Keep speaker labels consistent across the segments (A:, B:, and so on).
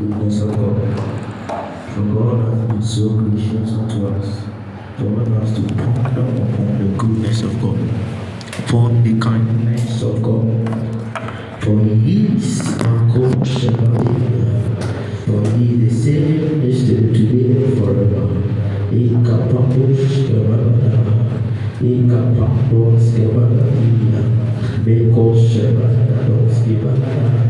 A: goodness of God. For God has been so gracious unto us to us to ponder upon the goodness of God, upon the kindness of God. For He is our God shepherd, for He is the same yesterday, today, and forever. Ikapapush kebana, ikapapos kebana, mekos shepherd dos kebana.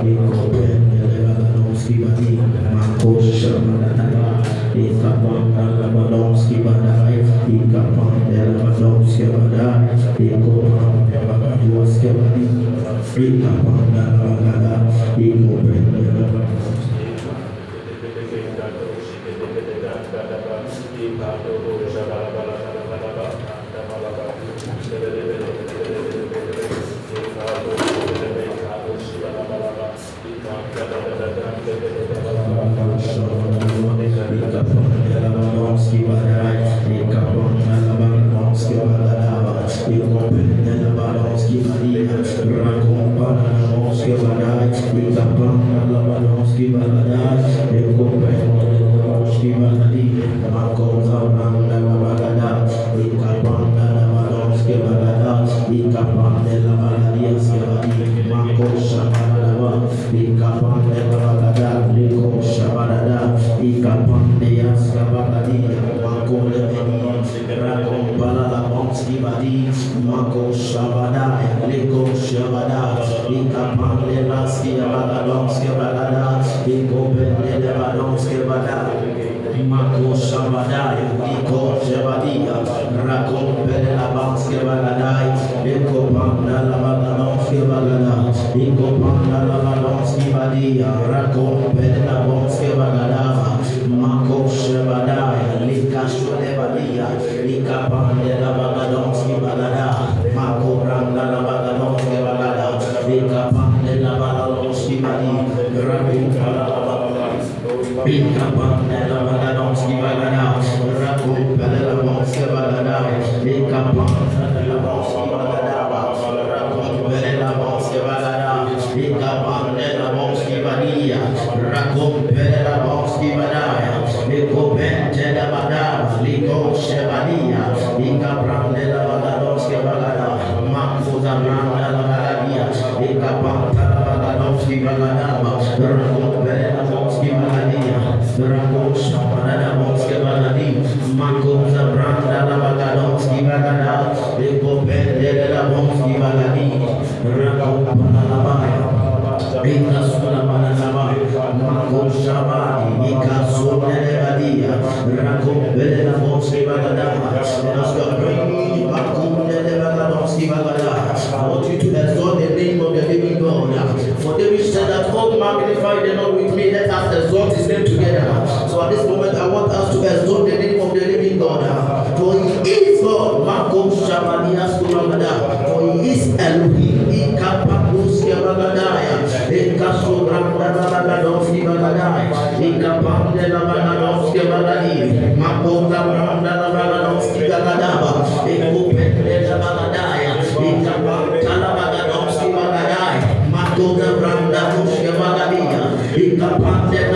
A: kami mengobeng Yadela Nongski Bani Mako Sherman Adala Di Kapang Kalaba Nongski Badai Di Kapang Yadela Nongski Badai Di Kapang Yadela Nongski Badai Di Kapang Yadela Nongski Badai ربي تحضرنا اللهم أنا مسكين الأناس يكون بحضرنا اللهم مسكين الأني كما قوم زعما اللهم أنا إكبر اللهم أنا مسكين الأناس إكبر اللهم أنا يسيرني ما قوم شبابا اللهم إكبر اللهم أنا لكم شبابا إكبر يسيرني ما قوم لمني Sibadi, Mako Shabada, Leko Shabada, Lika Thank you. Bagada, Igobende Lika I want you exalt the name of the living God. For David said that all magnify the Lord with me. Let us exalt his name together. So at this moment, I want us to exalt the name of the living God. For he is God. Marco Shabanias Kulamada. For he is Elohim. Ikapakos Yabagadaya. Ikaso Ramadagadovsi Bagadaya. the content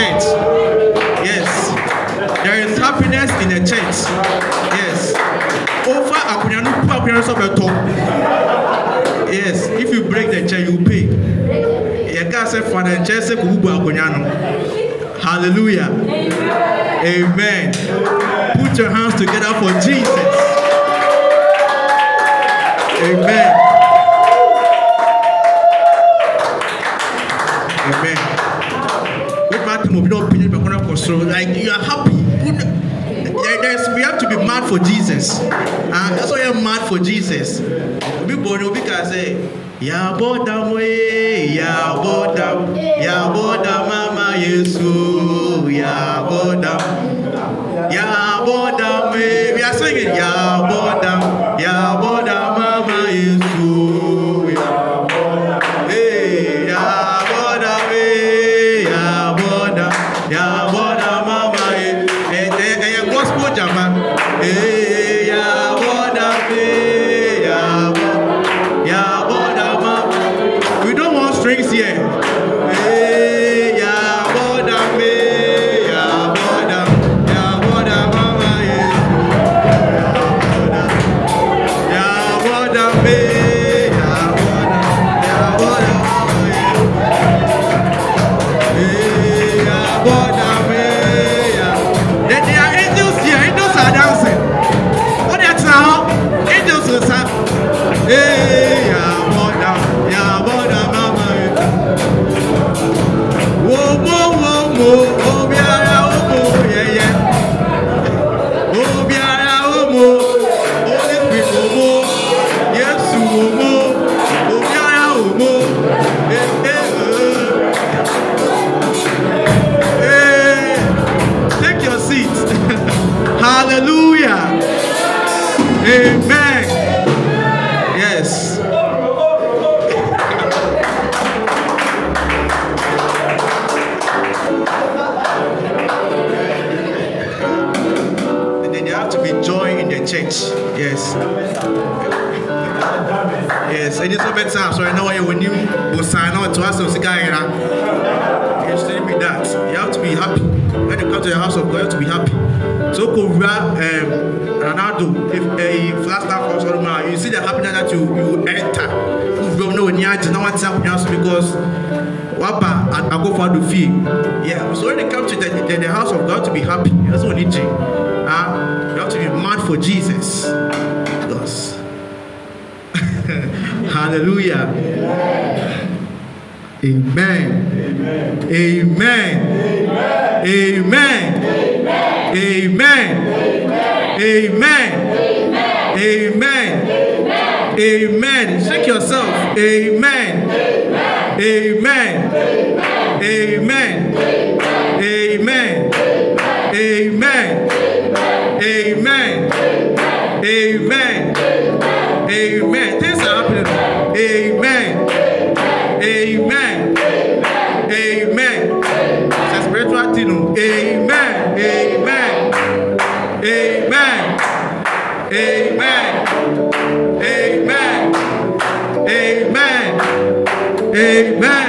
B: church. Yes. There is happiness in the church. Yes. Over Yes. If you break the chair, you pay. Yẹ ká Hallelujah. Amen. Put your hands together for Jesus. Amen. for Jesus. And ah, that's why I'm mad for Jesus. Obi born, Obi can say, Yabo damwe, yabo dam, yabo dam, mama Yesu, yabo dam, yabo dam, we are singing yabo go find the fee. Yeah. So when it comes to the, the, the house of God to be happy, that's what need to. Uh, you have to be mad for Jesus. Yes. Hallelujah. Amen. Amen. Amen. Amen. Amen. Amen. Amen. Amen. Check yourself. Amen. Amen. Amen. Amen. Amen. Amen. Amen. Amen. Amen. are happening. Amen. Amen. Amen.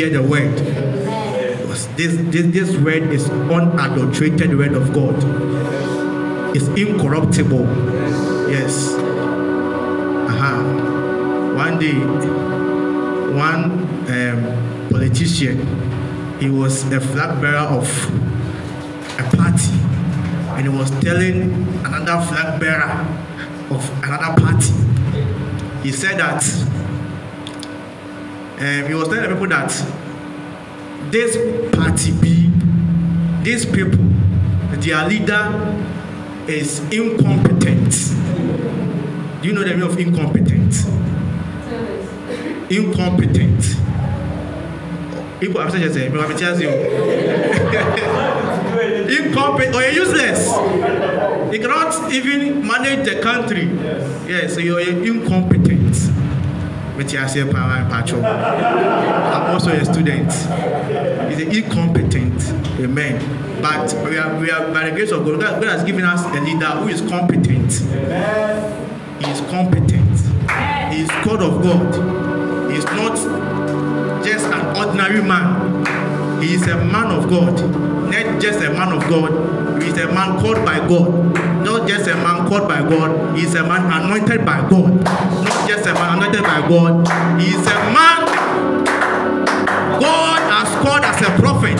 C: hear the word. Because this, this, this word is unadulterated word of God. It's incorruptible.
B: Yes. Uh-huh. One day,
C: one um, politician, he was a flag bearer of a party, and he was telling another flag bearer of another party. He said that um, eh, he was telling the people that this party B, these people, their leader is incompetent.
B: Do you know the meaning of incompetent?
C: Incompetent. People have such as a incompetent
B: or oh, useless. You cannot
C: even manage the
B: country. Yes, so you're incompetent with Yasir Power and Pacho. I'm also a student. He's incompetent. Amen. But we are, we are by the grace of God, God has given us a leader who is competent. Amen. He is competent. He is God of God. He is not just an ordinary man. He is a man of God. Not just a man of God. He is a man called by God. Not just a man called by God. He is a man anointed by God. Not anointed by God. He is a man God has called as a prophet.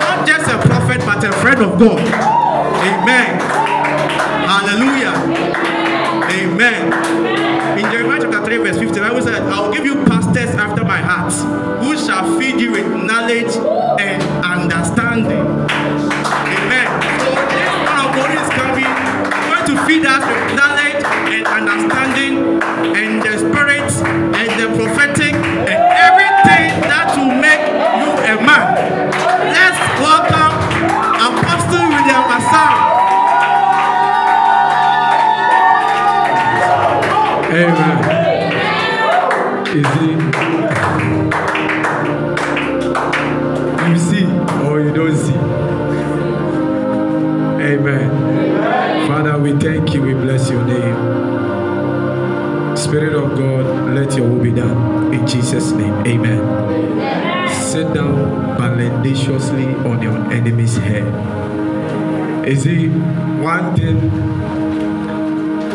B: Not just a prophet, but a friend of God. Amen. Hallelujah. Amen. In Jeremiah chapter 3, verse 15, I will say, I will give you pastors after my heart, who shall feed you with knowledge
C: viciously on your enemy's head. Is see, one thing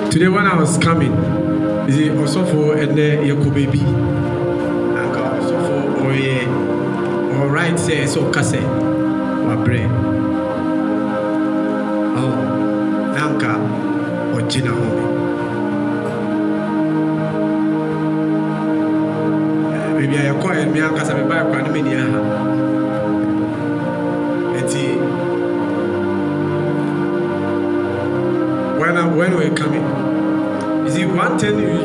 C: today when I was coming, you see, also for and your baby. Also for oh all right, say so kase, my brain. Oh, nanka or jina home. baabi a yɛkɔɛ me I'm going to kwa ne menni aha 仙女。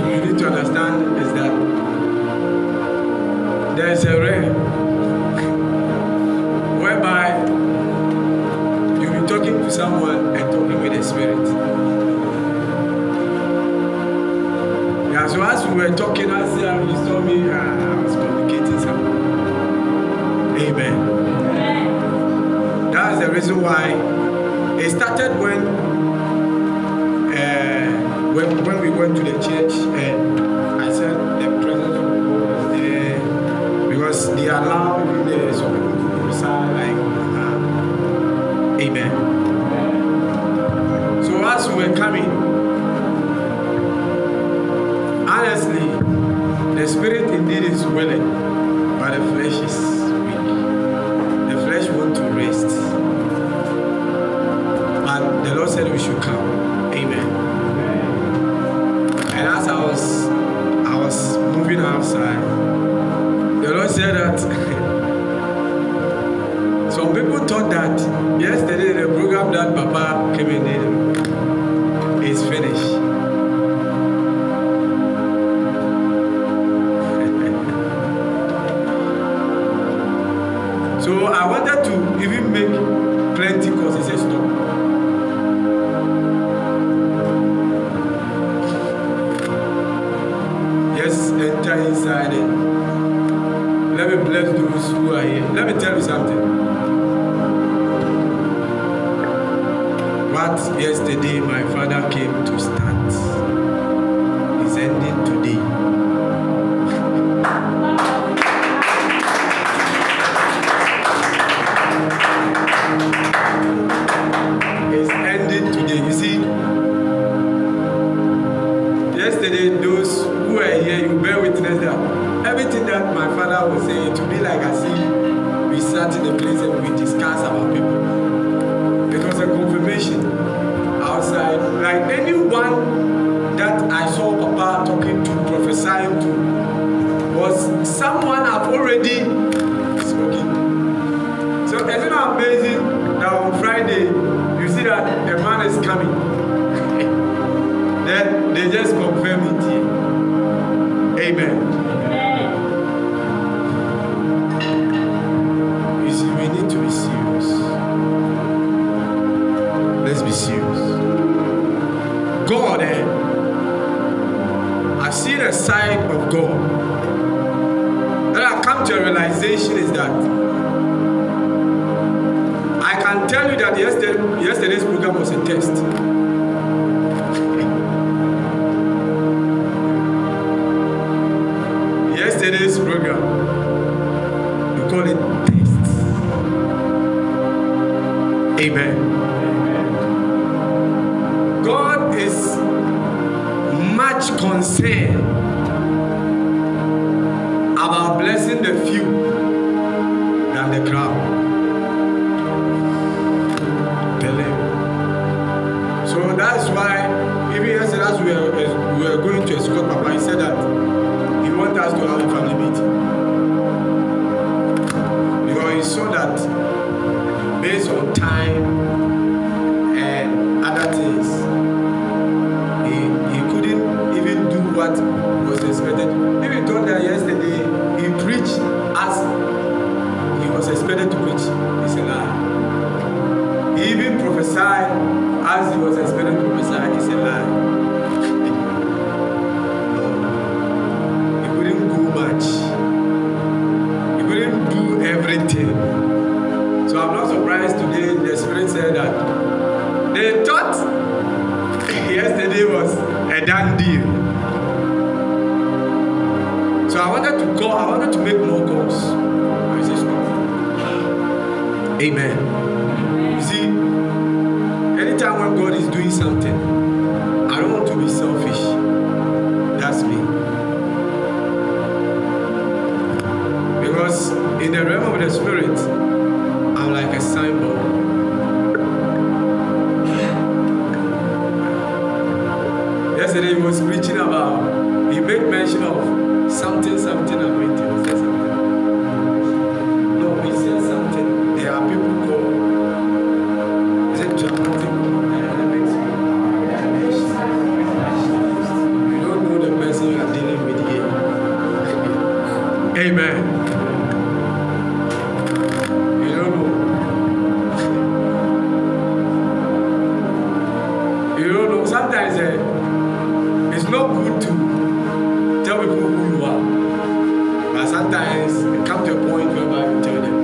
C: sometimes it comes to a point where we tell them.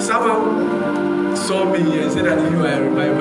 C: Someone saw me and said that you are a revival.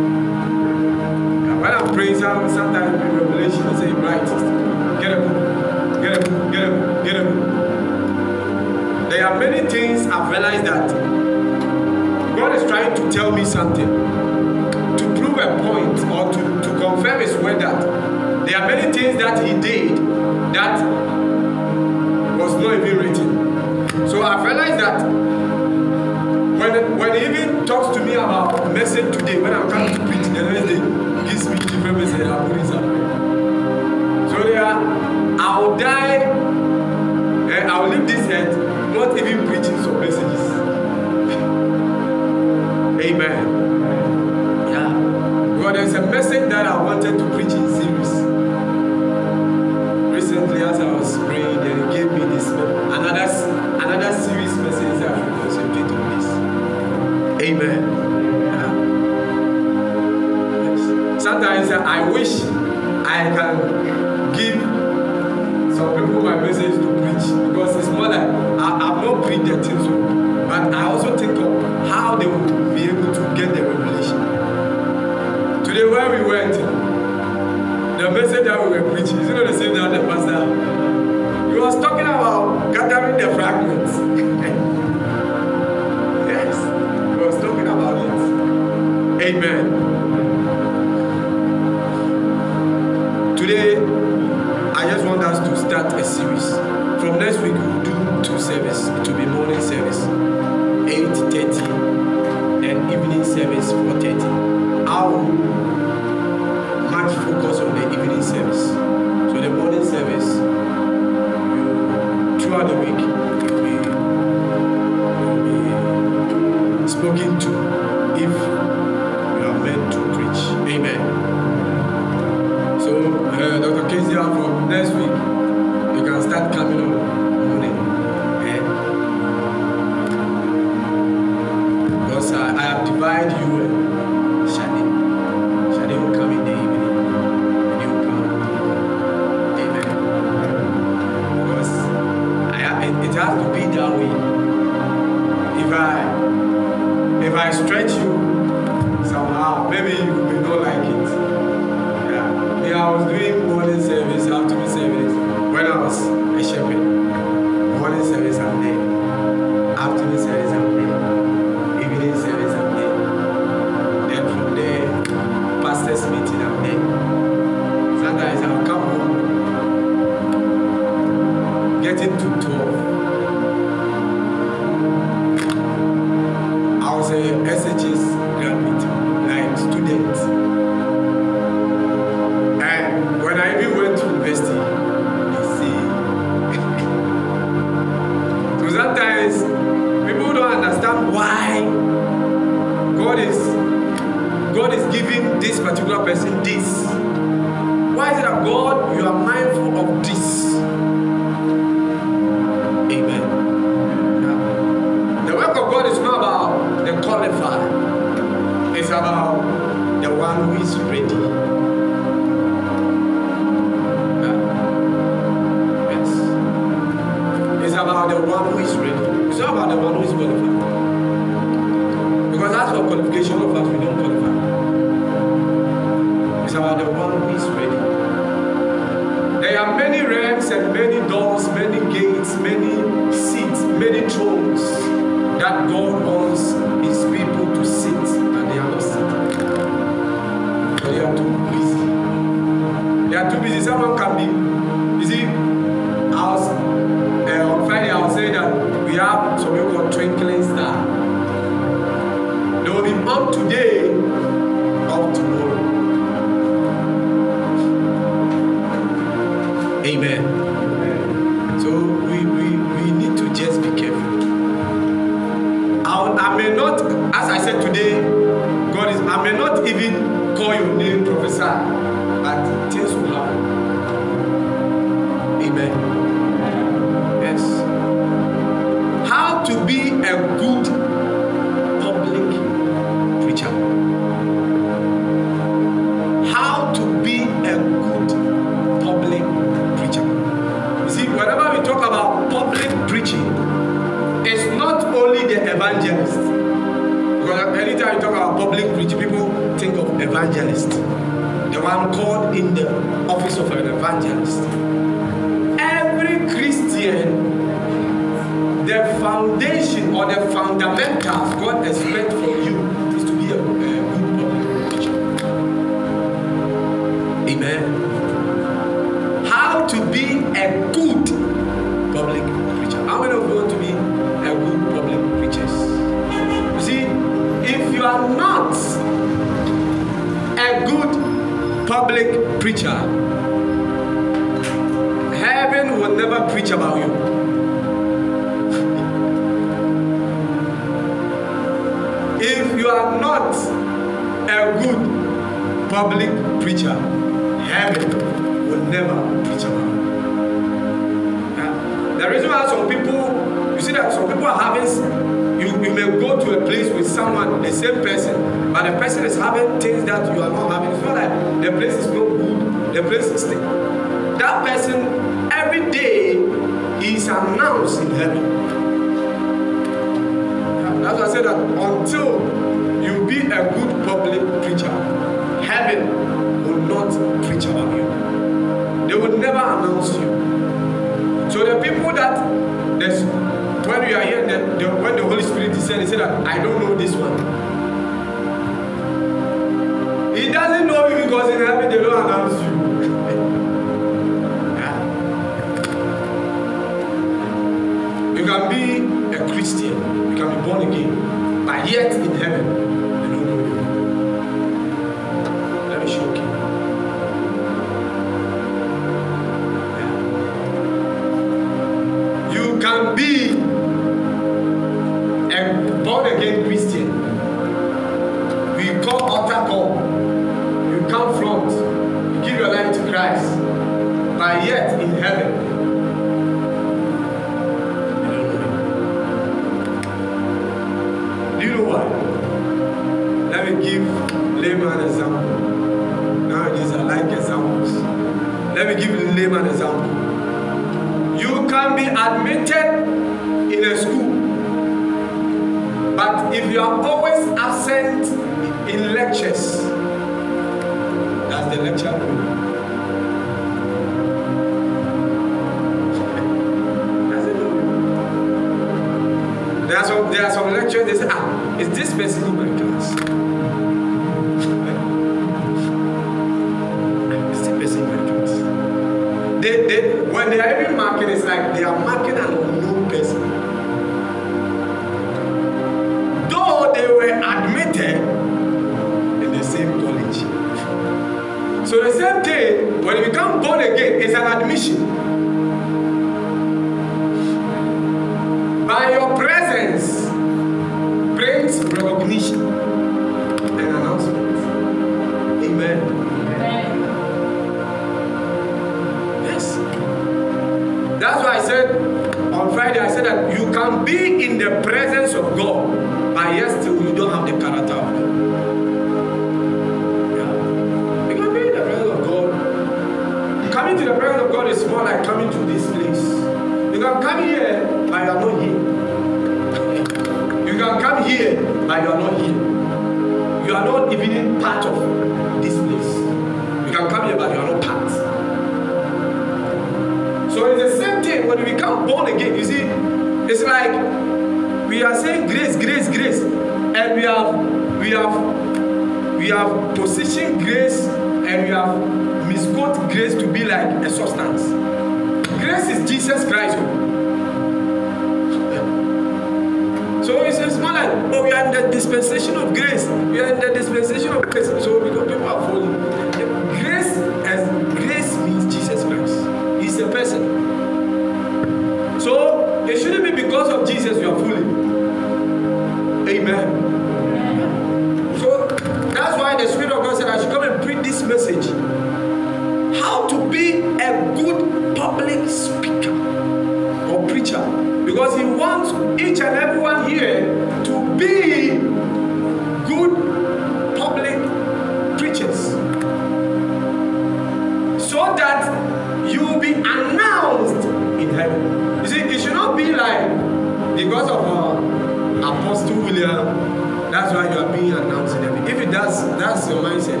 C: That's why you are being announced in If it does, that's your mindset,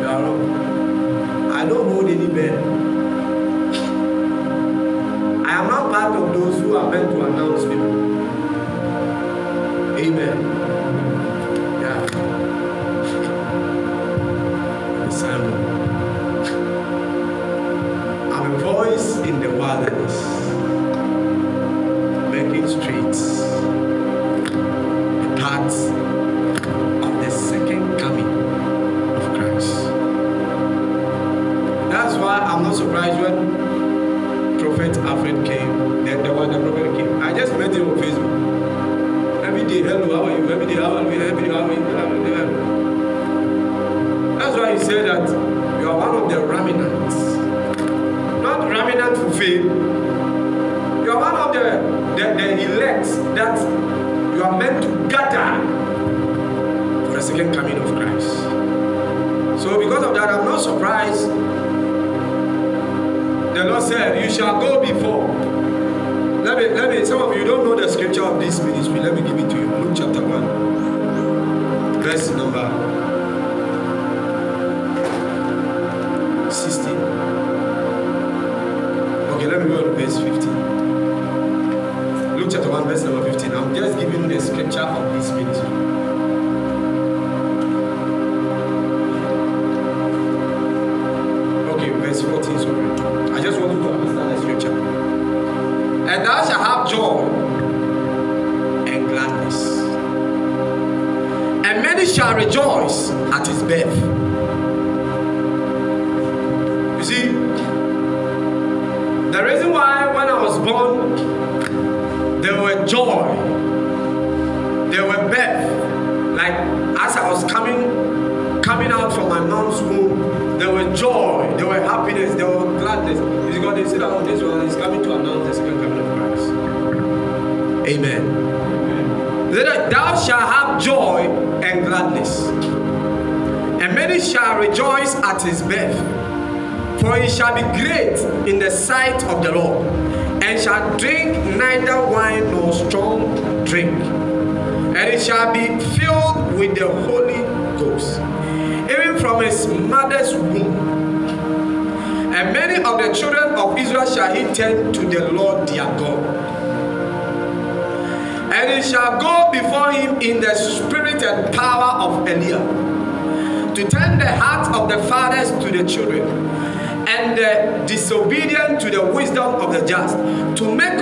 C: you are wrong. I don't hold any bell. I am not part of those who are meant to announce me. children, and uh, disobedient to the wisdom of the just, to make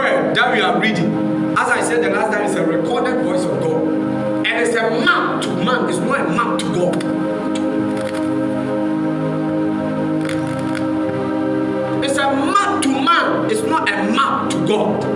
C: word that we are reading, as I said the last time, is a recorded voice of God. And it's a map to man, it's not a map to God. It's a map to man, it's not a map to God.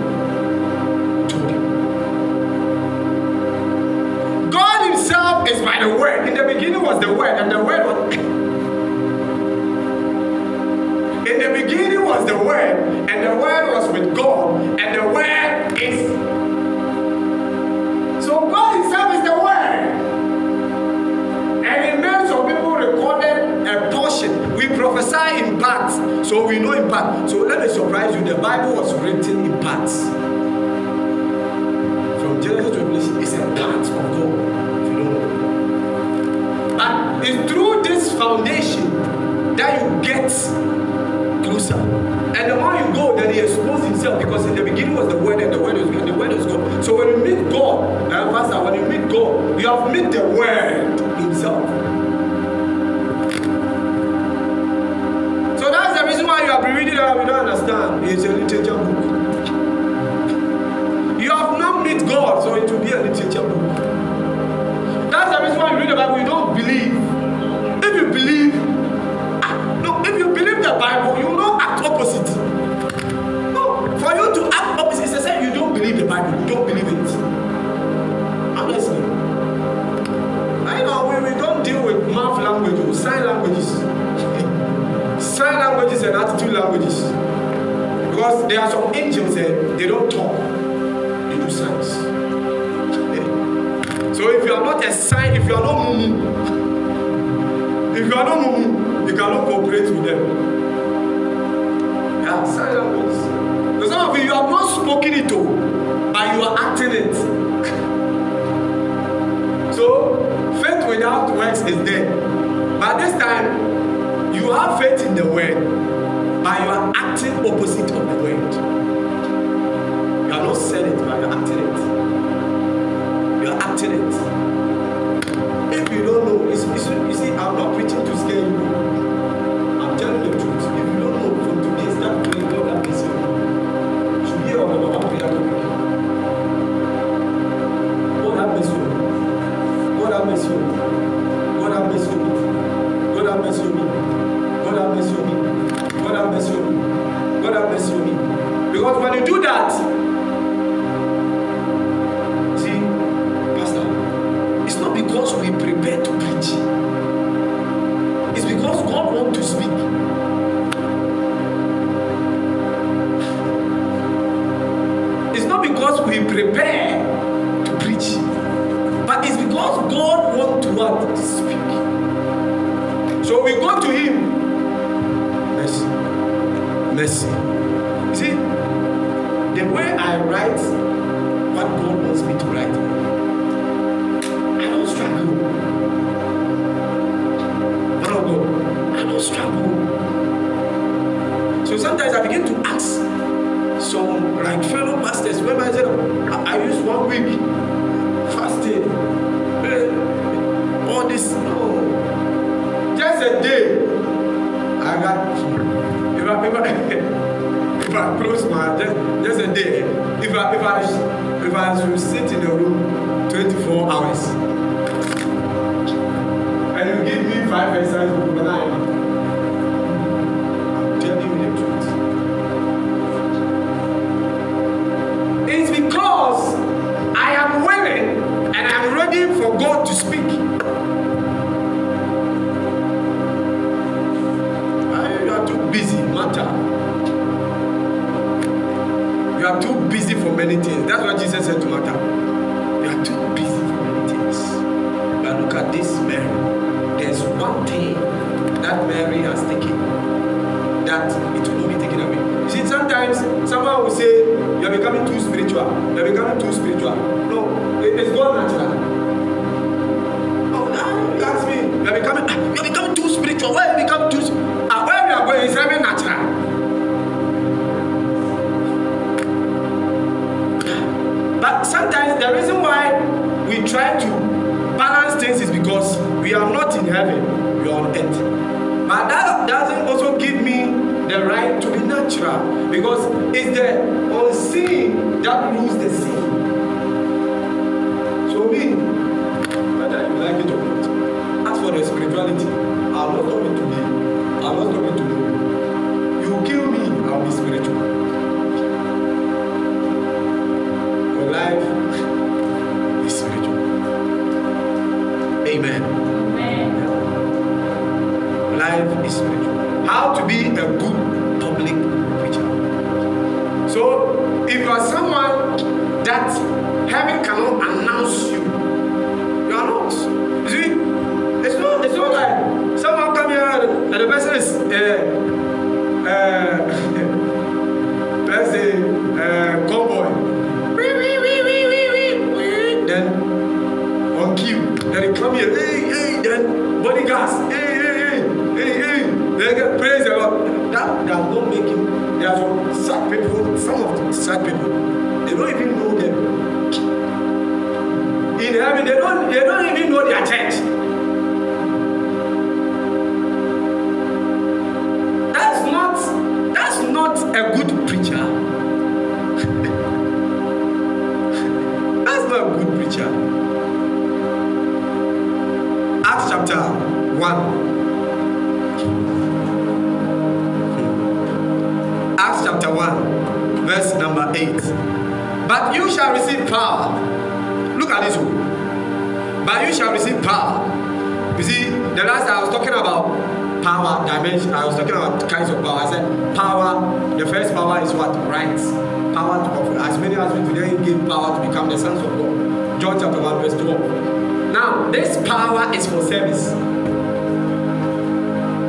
C: This power is for service.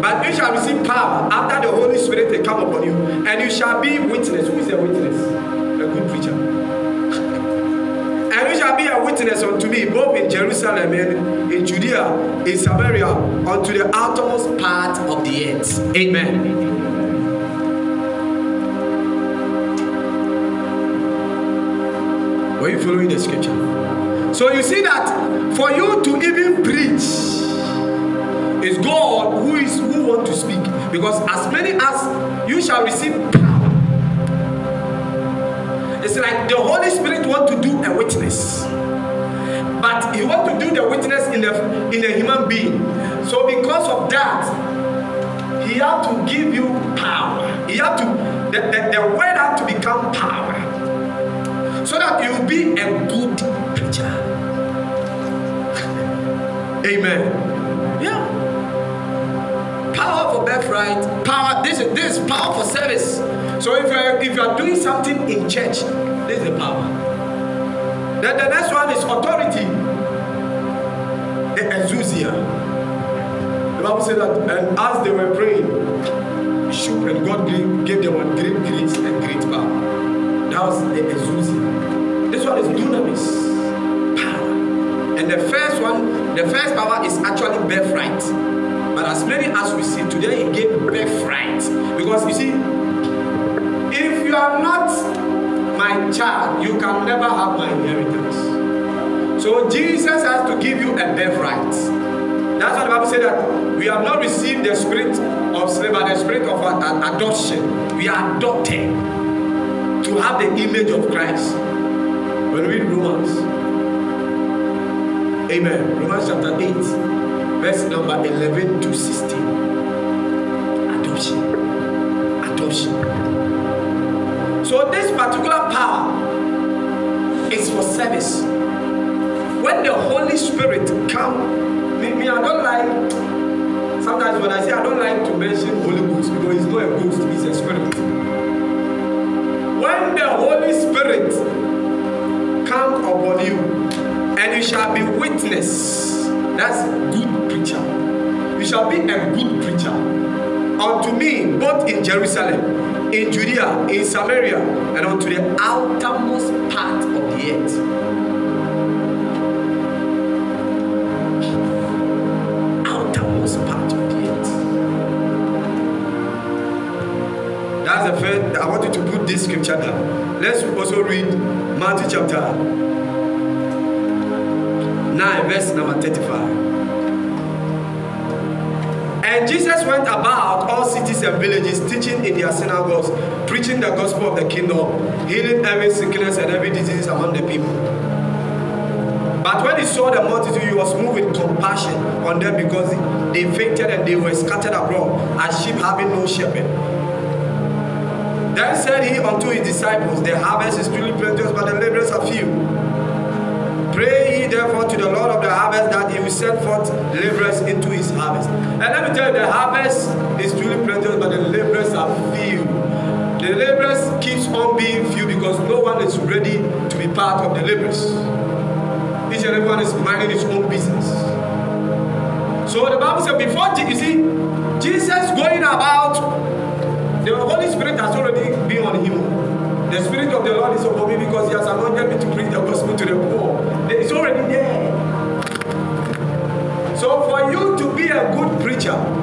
C: But you shall receive power after the Holy Spirit will come upon you, and you shall be witness. Who is a witness? A good preacher. and you shall be a witness unto me, both in Jerusalem and in Judea, in Samaria, unto the uttermost part of the earth. Amen. Are you following the scripture? So you see that for you to even preach is God who is who want to speak. Because as many as you shall receive power. It's like the Holy Spirit want to do a witness. But he want to do the witness in a, in a human being. So because of that, he had to give you power. He had to the, the, the word had to become power. So that you will be a good Amen. Yeah. Power for birthright. Power. This is this is power for service. So if you're if you're doing something in church, this is the power. Then the next one is authority. The exousia. The Bible said that, and as they were praying, shook and God gave, gave them a great grace and great power. That was the exousia. This one is dunamis, power. And the first one the first power is actually birthright. But as many as we see today, it gave birthright. Because you see, if you are not my child, you can never have my inheritance. So Jesus has to give you a birthright. That's why the Bible says that we have not received the spirit of slavery, but the spirit of adoption. We are adopted to have the image of Christ. When we read Romans, Amen. Romans chapter 8, verse number 11 to 16. Adoption. Adoption. So, this particular power is for service. When the Holy Spirit comes, me, me, I don't like, sometimes when I say I don't like to mention Holy Ghost because it's not a ghost, it's a spirit. When the Holy Spirit comes upon you, you shall be witness. That's good preacher. You shall be a good preacher unto me, both in Jerusalem, in Judea, in Samaria, and unto the outermost part of the earth. Outermost part of the earth. That's the first. I want you to put this scripture down. Let's also read Matthew chapter verse number 35. And Jesus went about all cities and villages, teaching in their synagogues, preaching the gospel of the kingdom, healing every sickness and every disease among the people. But when he saw the multitude, he was moved with compassion on them because they fainted and they were scattered abroad as sheep having no shepherd. Then said he unto his disciples, The harvest is truly plenteous, but the laborers are few. Pray ye therefore to the Lord of the harvest that he will send forth laborers into his harvest. And let me tell you, the harvest is truly plentiful, but the laborers are few. The laborers keeps on being few because no one is ready to be part of the laborers. Each and everyone is minding his own business. So the Bible says, before you see, Jesus going about, the Holy Spirit has already been on him. The Spirit of the Lord is upon me because He has anointed me to preach the gospel to the poor. It's already there. So for you to be a good preacher,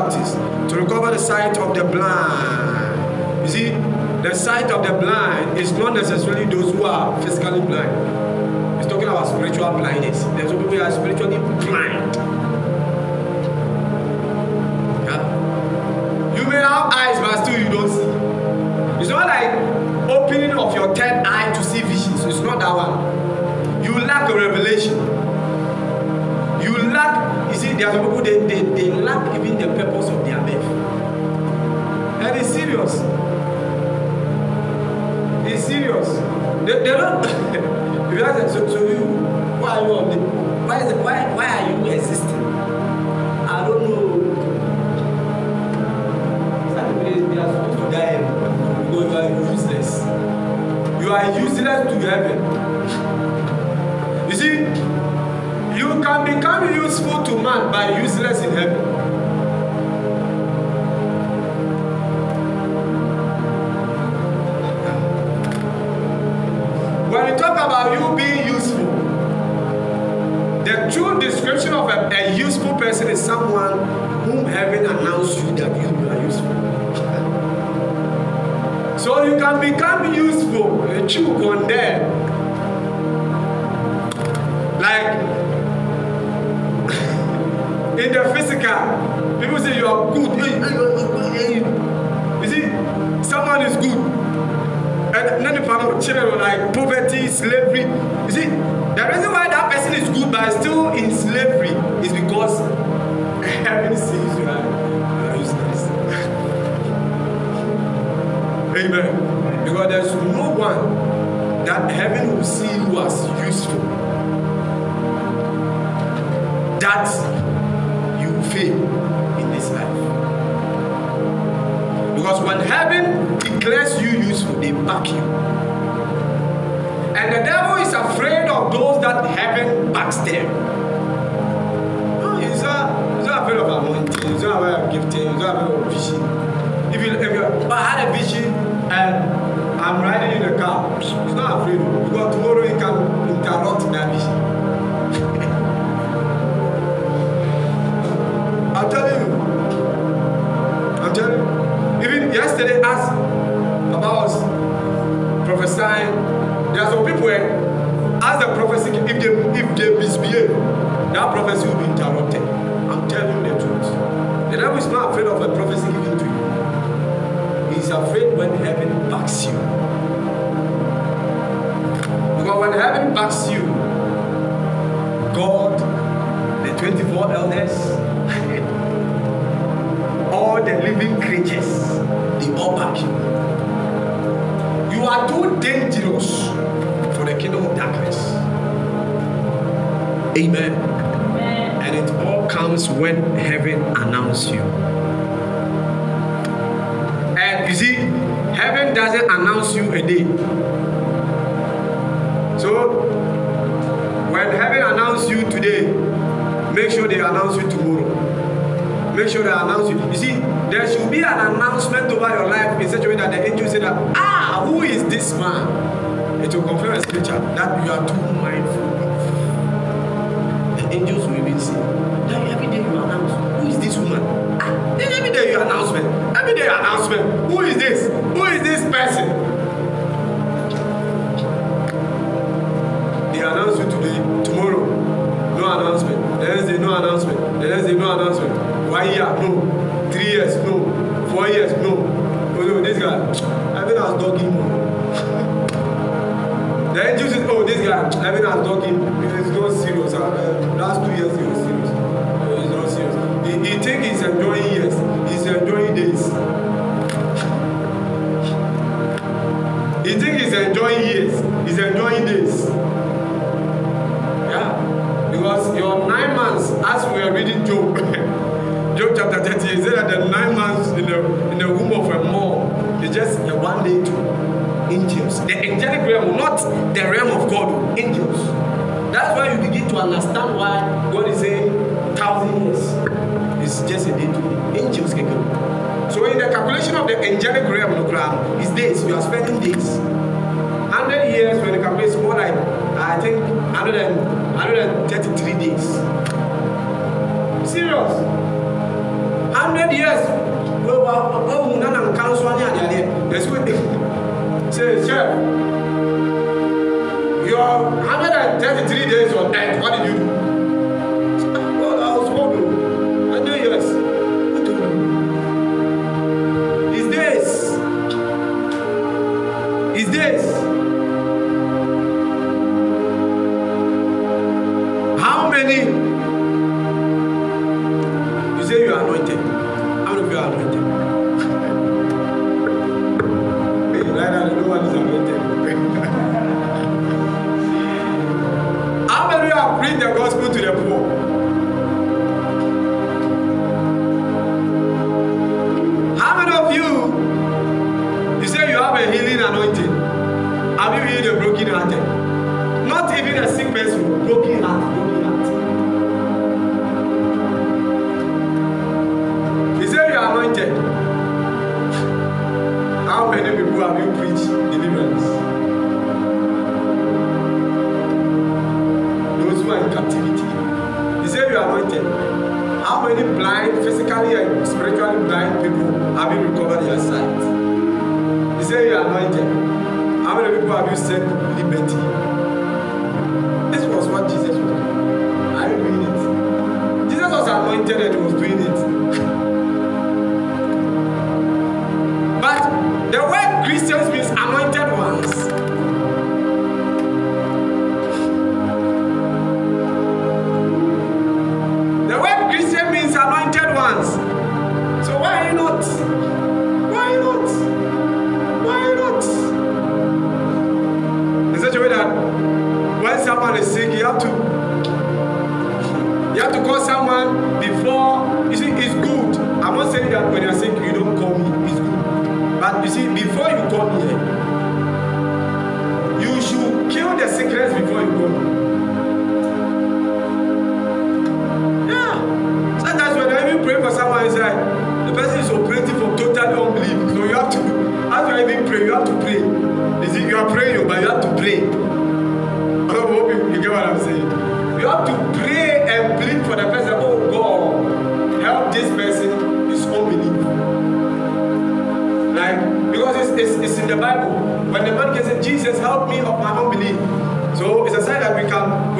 C: Baptist to recover the sight of the blind. You see, the sight of the blind is not necessarily those who are physically blind. It's talking about spiritual blindness. There's people who are spiritually blind. you are useless to heaven. You see, you can become useful to man but useless in heaven. When we talk about you being useful, the true description of a, a useful person is someone whom heaven announced you. can become useful A chew on there, Like in the physical, people say you are good. You see, someone is good. And then the family children are like poverty, slavery. Heaven declares you useful, they back you. And the devil is afraid of those that heaven backs them. Ah, he's not, he's afraid of anointing, he's not afraid of gifting, he's not afraid of vision. If you, if you, I had a vision and I'm riding in a car, he's not afraid because tomorrow for the kingdom of darkness. Amen. Amen. And it all comes when heaven announces you. And you see, heaven doesn't announce you a day. So, when heaven announces you today, make sure they announce you tomorrow. Make sure they announce you. You see, there should be an announcement over your life in such a way that the angels say that, ah, who is this man? It will confirm a scripture that you are too mindful of. The angels will even see. I'm talking, it's not serious. Uh, last two years it was serious. Uh, it's not serious. He, he think he's enjoying years, he's enjoying days. He think he's enjoying years, he's enjoying days. Yeah, because your nine months, as we are reading Job, Job chapter 30, he said that the nine months in the in the womb of a mom is just a one day to angels. The angelic realm, not the realm of God, angels understand why God is saying thousand years is just a day to Angels can go. So in the calculation of the angelic realm, no, is days. You are spending days.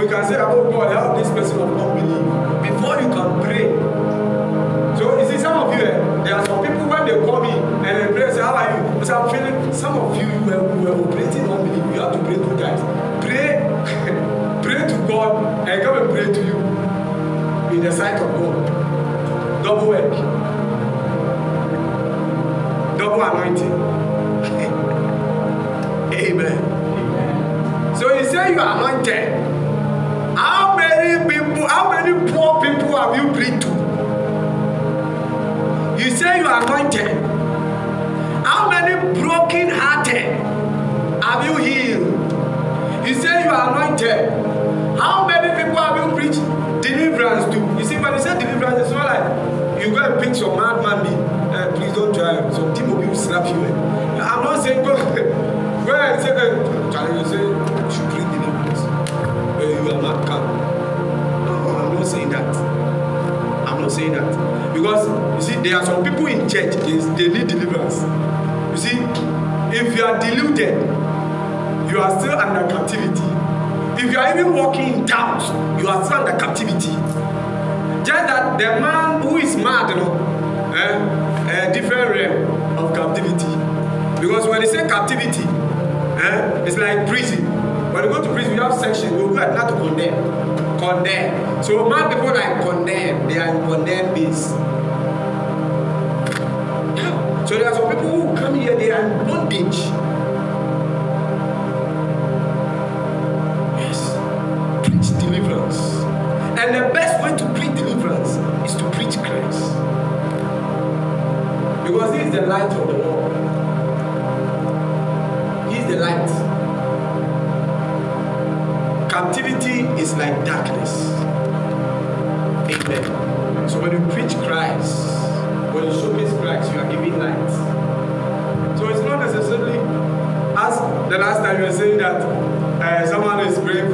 C: We can say, oh God, help this person of unbelief. Before you can pray. So you see, some of you, eh, there are some people when they call me and they pray, say, how are you? Because I'm feeling, some of you, you were, you were operating unbelief. You have to pray two times. Pray, pray to God and God will pray to you in the sight of God. Double work. Double anointing. Amen. Amen. So you say you are anointed. anointed are even walking in towns, you are still under captivity. Just that the man who is mad, you know, eh, a eh, different realm of captivity. Because when they say captivity, eh, it's like prison. When you go to prison, you have sections. you go at not to condemn. Condemn. So mad people like condemn, they are in condemned base. is like darkness. Amen. So when you preach Christ, when you showcase Christ, you are giving light. So it's not necessarily as the last time you were saying that uh, someone is praying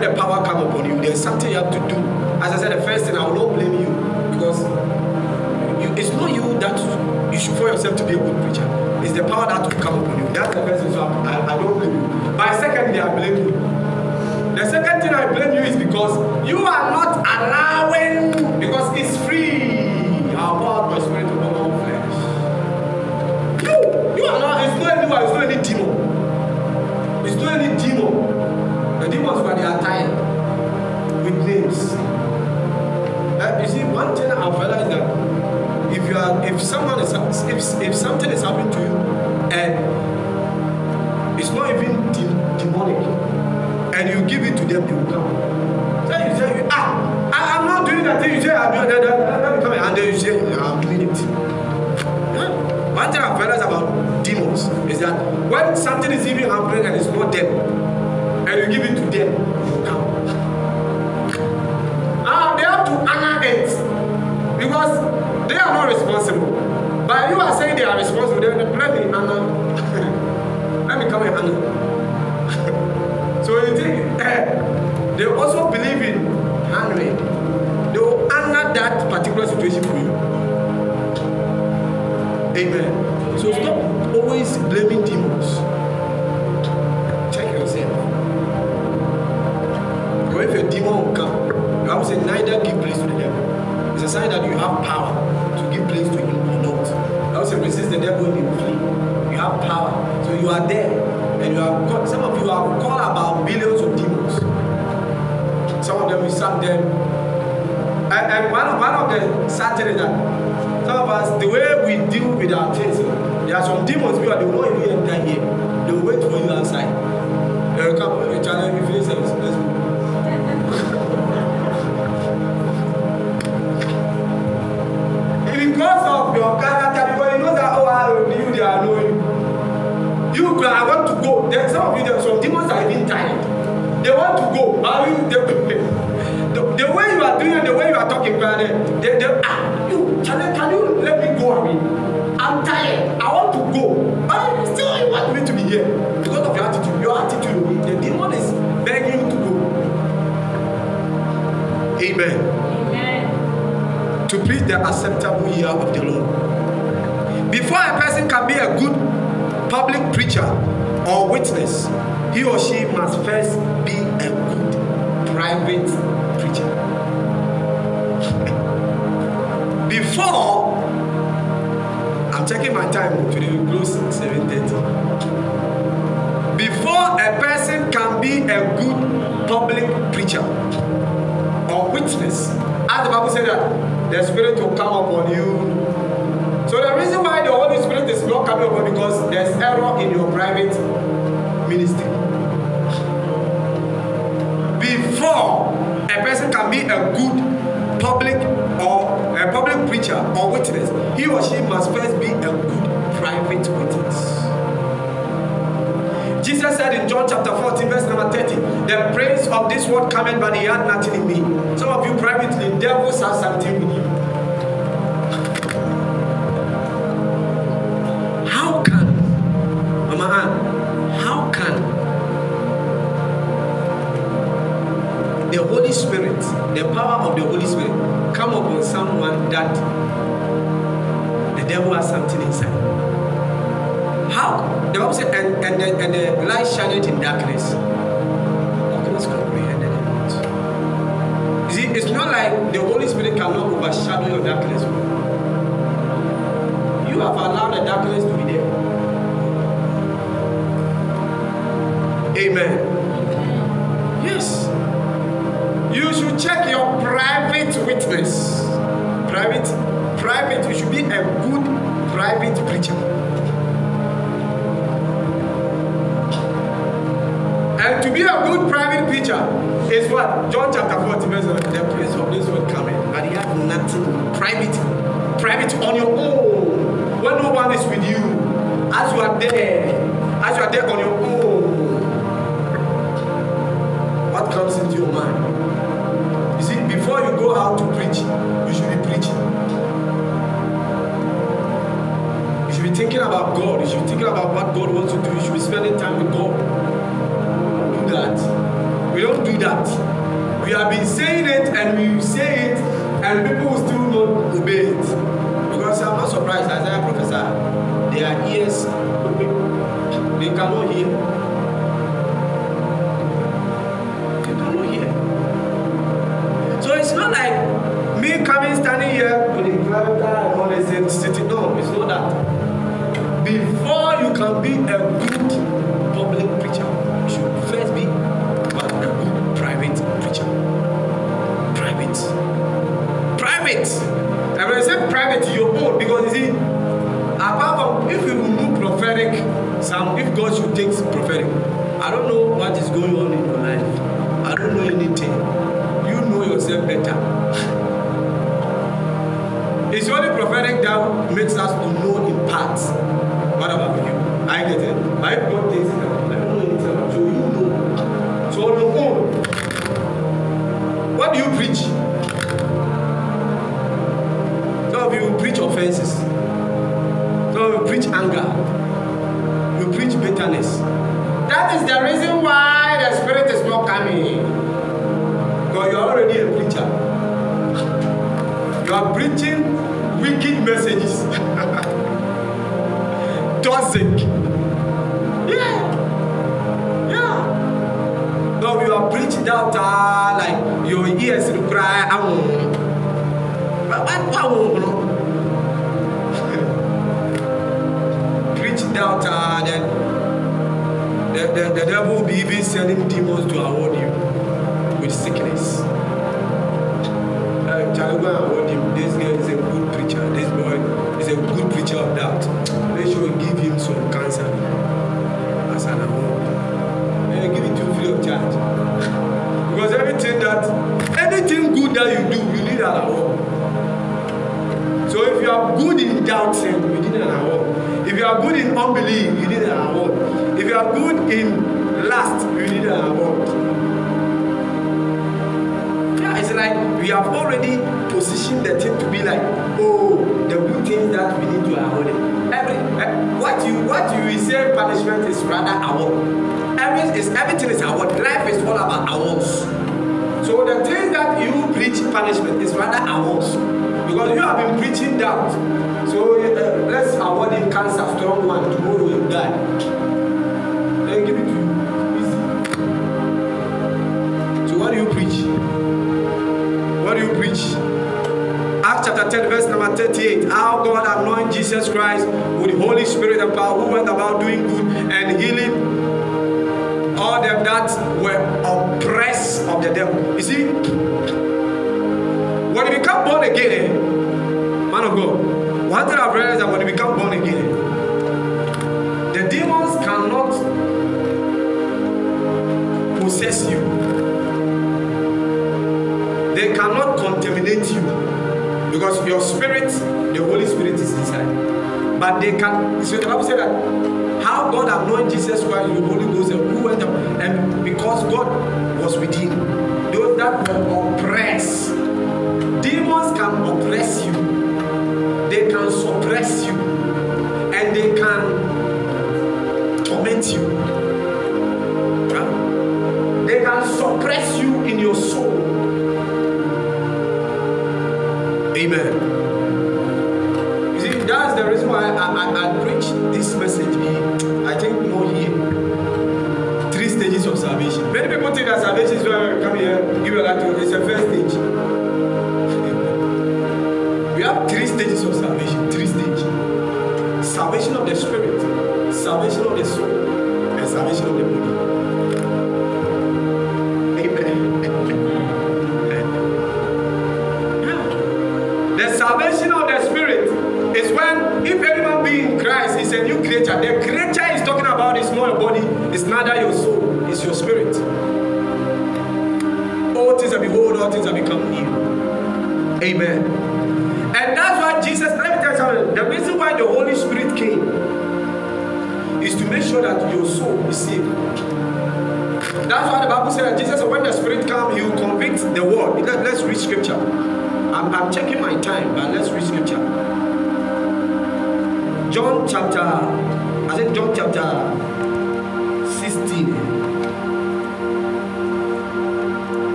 C: the power if, if テレビ A person can be a good public or a public preacher or witness. He or she must first be a good private witness. Jesus said in John chapter 14, verse number 30, the praise of this world cometh, but he had nothing in me. Some of you privately, devils are something in you. How can us comprehend You see, it's not like the Holy Spirit cannot overshadow your darkness. You have allowed the darkness good private preacher is what? John chapter 40, verse 11. E a BC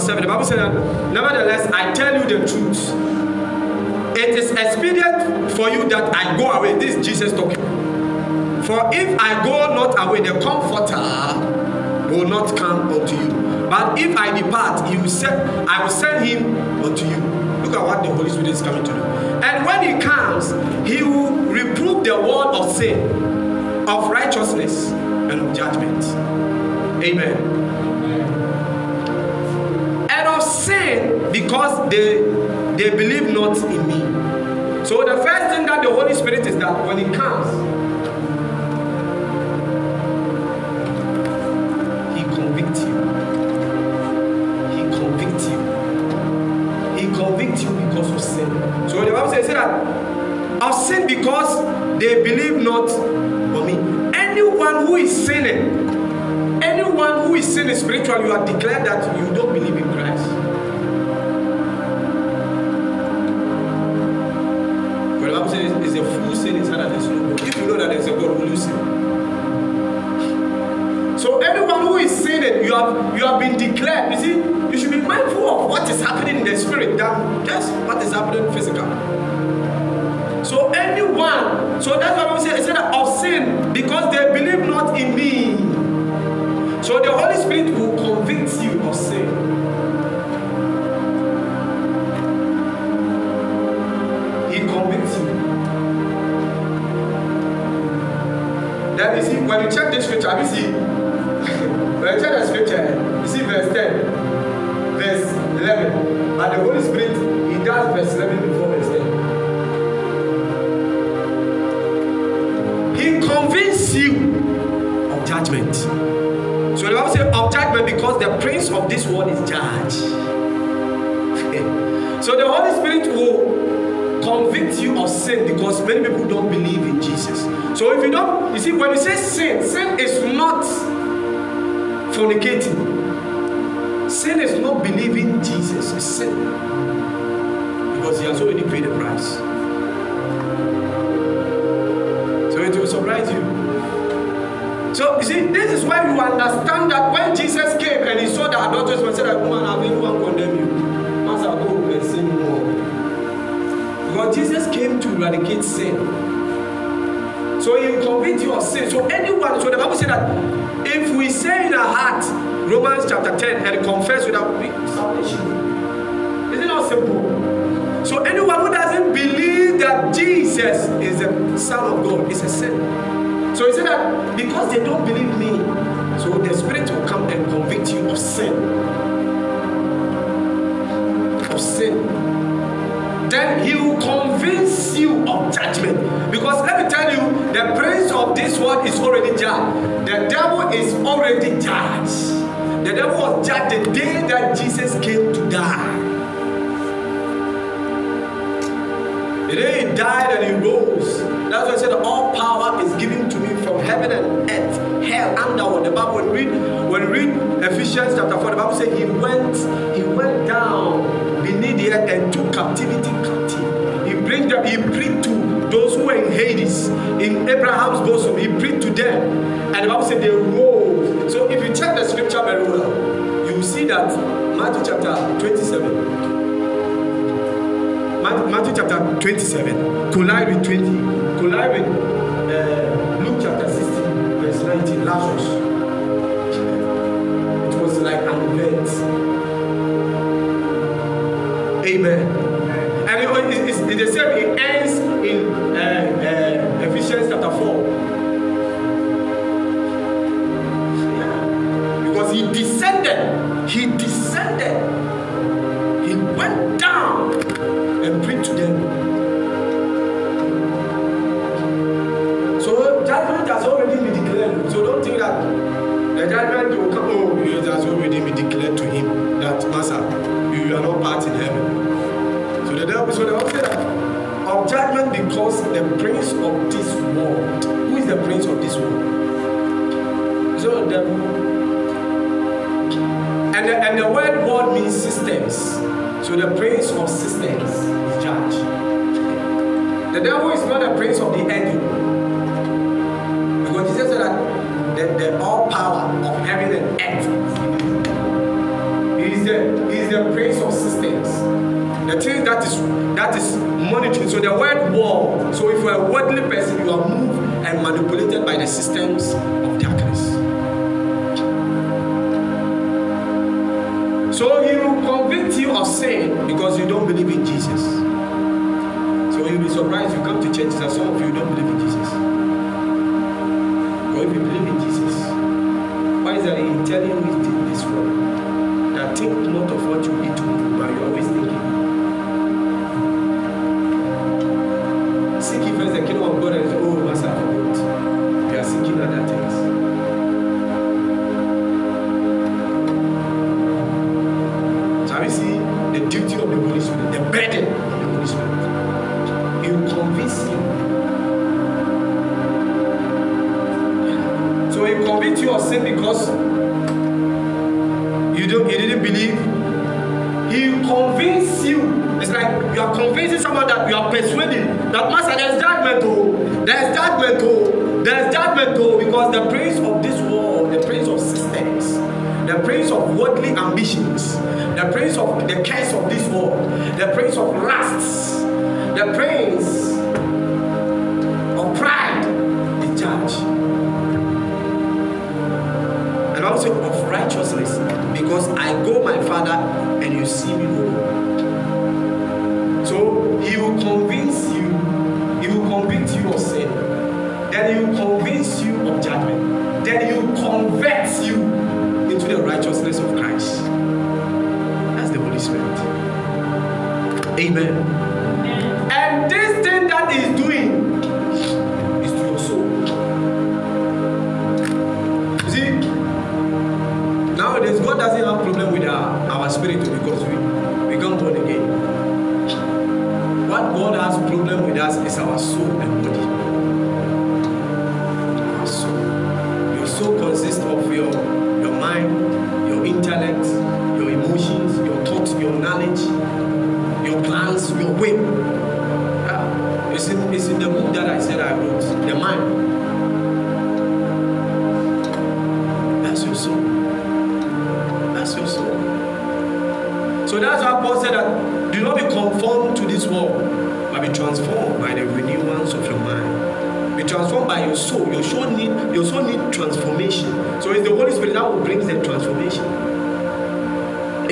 C: 7, the Bible says, Nevertheless, I tell you the truth. It is expedient for you that I go away. This is Jesus talking. For if I go not away, the comforter will not come unto you. But if I depart, will send, I will send him unto you. Look at what the Holy Spirit is coming to do. And when he comes, he will reprove the world of sin, of righteousness, and of judgment. Amen. because they they believe not in me. So the first thing that the Holy Spirit is that when He comes, He convicts you. He convicts you. He convicts you because of sin. So the Bible says that I've sinned because they believe not on me. Anyone who is sinning, anyone who is sinning spiritually, you are declared that you don't believe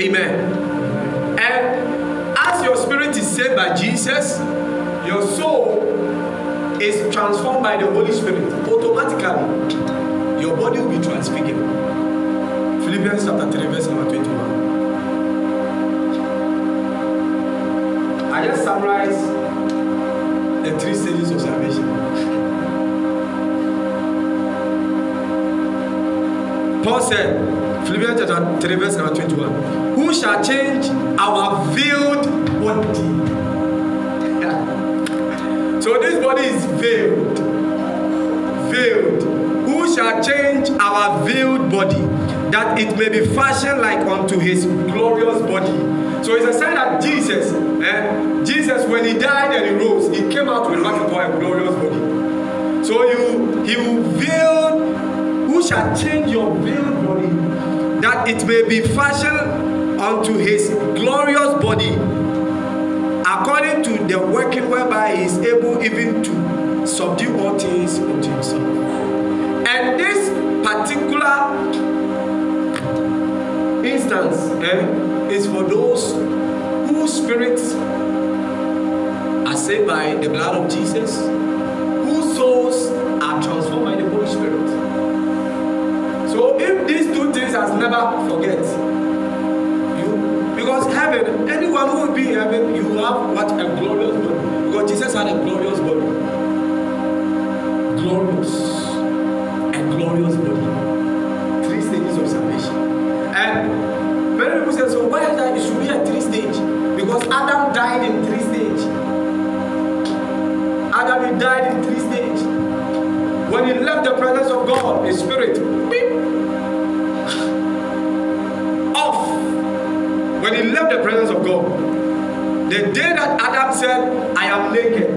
C: Amen. And as your spirit is saved by Jesus, your soul is transformed by the Holy Spirit. Automatically, your body will be transfigured. Philippians chapter 3, verse number 21. I just summarize the three stages of salvation. Paul said, Philippians chapter 3, verse number 21. Who shall change our veiled body? so this body is veiled. Veiled. Who shall change our veiled body? That it may be fashioned like unto his glorious body. So it's a sign that Jesus, eh, Jesus, when he died and he rose, he came out with what we a glorious body. So you he will veil, who shall change your veiled it may be fashioned unto his glorious body, according to the working whereby he is able even to subdue all things unto himself. And this particular instance eh, is for those whose spirits are saved by the blood of Jesus has never forget you because heaven anyone who will be in heaven you have what a glorious one. because Jesus had a glorious said, I am naked.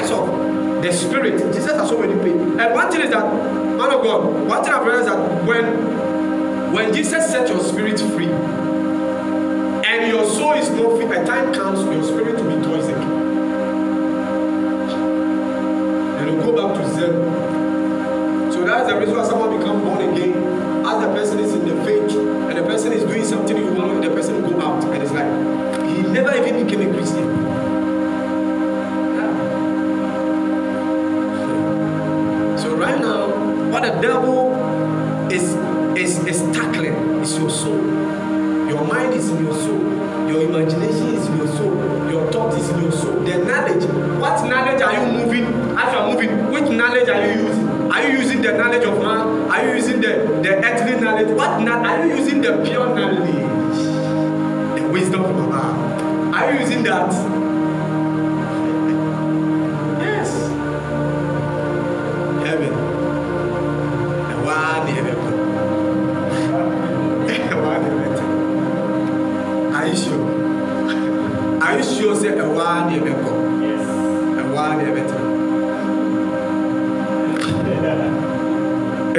C: eyes of the spirit. Jesus has so many pain. And one thing is that, man of God, one thing I've realized that when when Jesus set your spirit free and your soul is not free, a time comes for your spirit.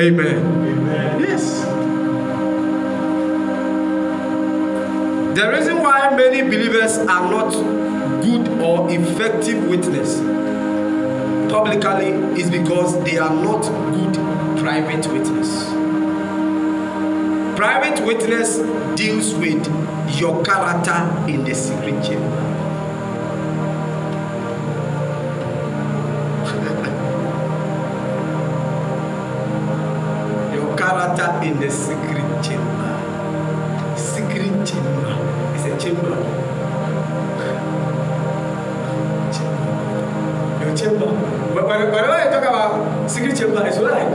C: Amen. Amen. Yes. The reason why many believers are not good or effective witness publicly is because they are not good private witness. Private witness deals with your character in the secret chamber. in the secret chamber. Secret chamber is a chamber. chamber. Your chamber. Whenever I talk about secret chamber, it's right.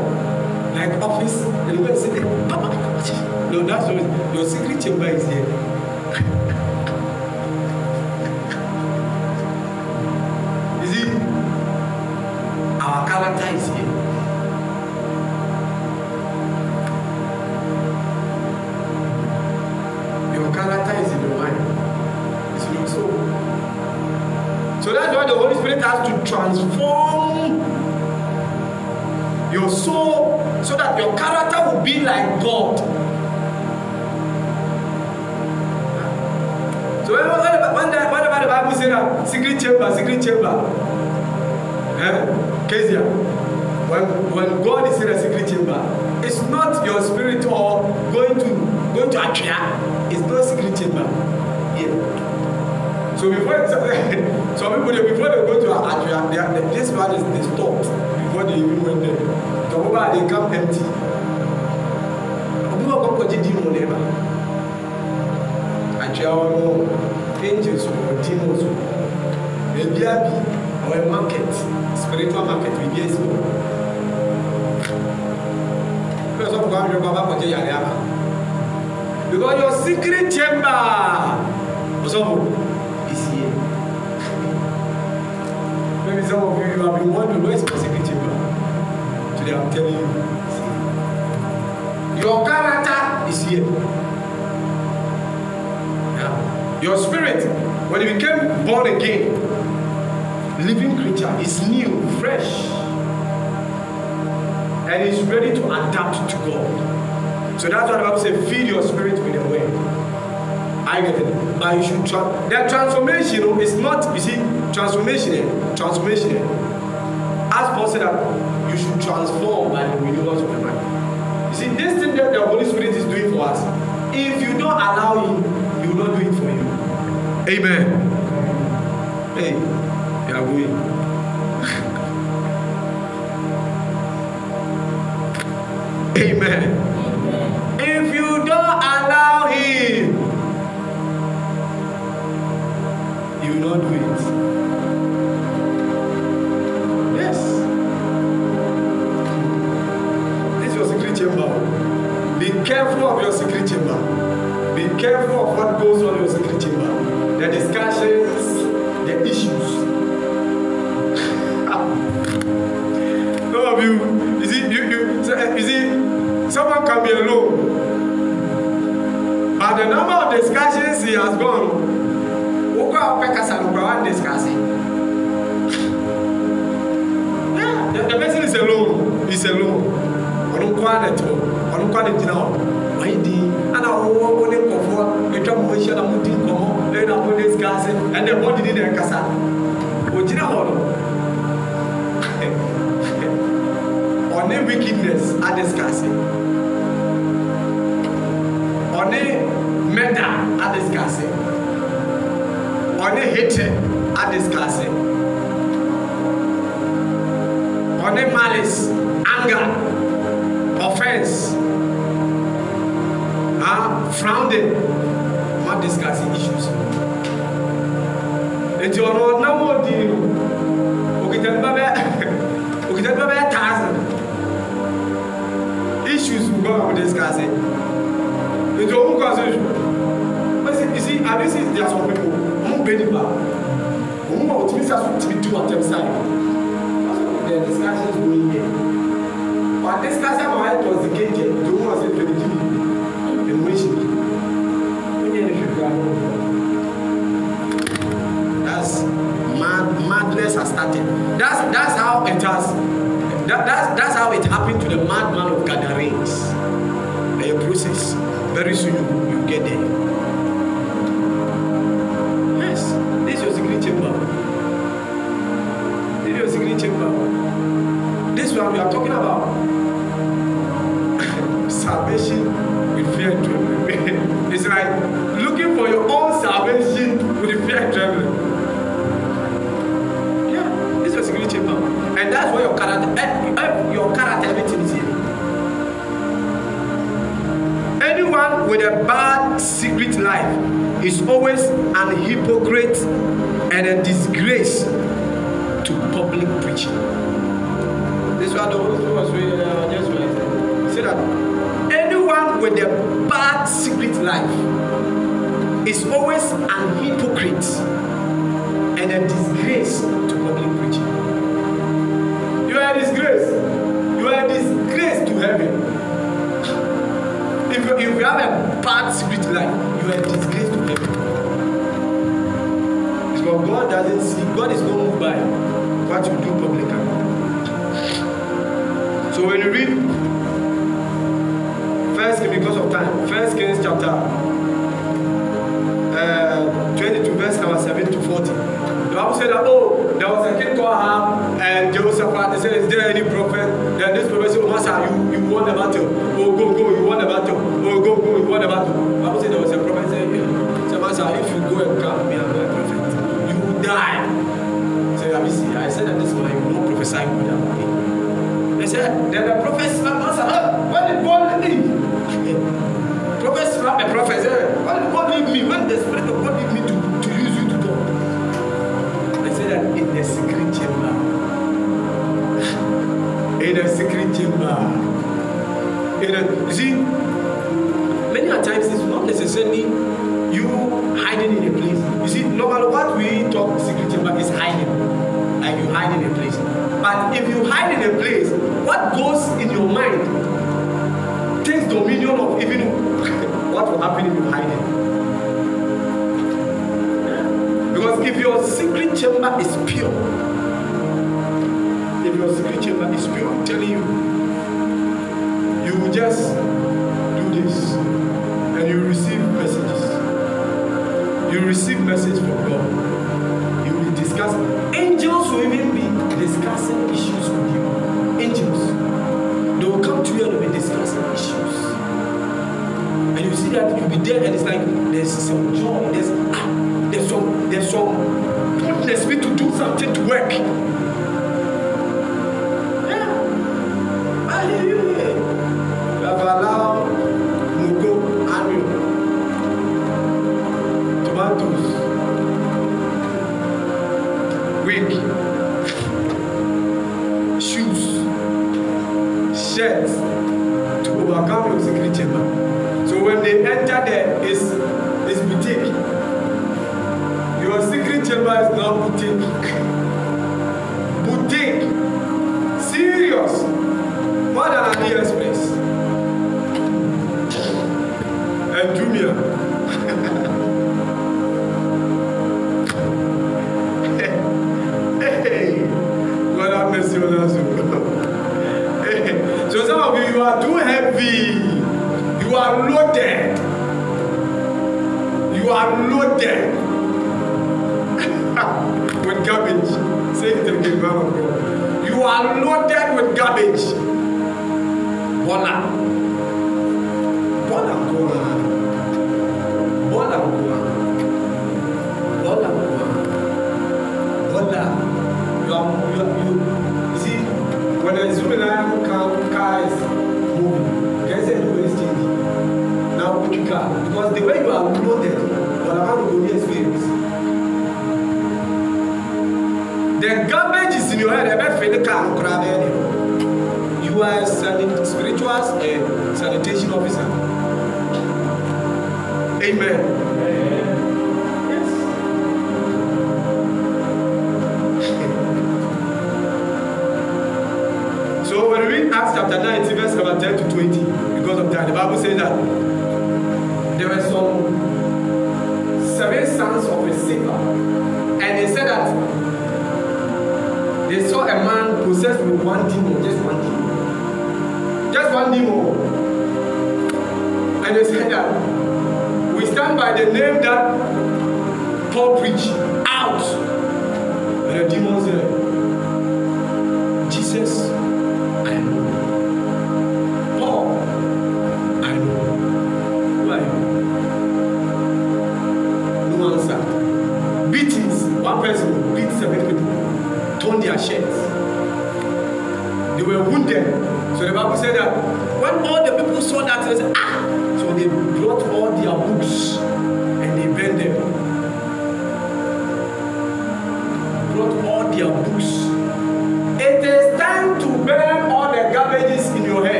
C: Like office, you go say, Papa, no, that's what your secret chamber is here. secret chamber secret chamber eh? kezia when when god is in a secret chamber it's not your spirit or going to going to atria it's not secret chamber yeah so before some people dey before they go to atria they are this man is dey stop before they even went there The people are dey come empty obi wa kọkọ jí di mu ní ẹ atria wọn no angels wọn. et bien bi ɔyɛ market spiritual market because your secret chamber Vous ici maybe some of you have been wondering where is your secret chamber today i'm telling you your character is here. Your spirit, when you became born again, living creature is new, fresh, and is ready to adapt to God. So that's what the Bible say: feed your spirit with the word. I get it. But you should tra- that transformation is not, you see, transformational, eh? transformational. Eh? As Paul said that you should transform by the renewal of the mind. You see, this thing that the Holy Spirit is doing for us, if you don't allow Him, He will not do it for you. Amen. with a bad secret life is always an hypocrite and a disgrace to public preaching. This one, the Holy was reading, uh, just read. Say that anyone with a bad secret life is always an hypocrite and a disgrace to public preaching. You are a disgrace. You are a disgrace to heaven. If you, if you have a bad spirit like you are disgrace to heaven. Because God doesn't see, God is not moved by what you do publicly. So when you read First Kings, because of time, First Kings chapter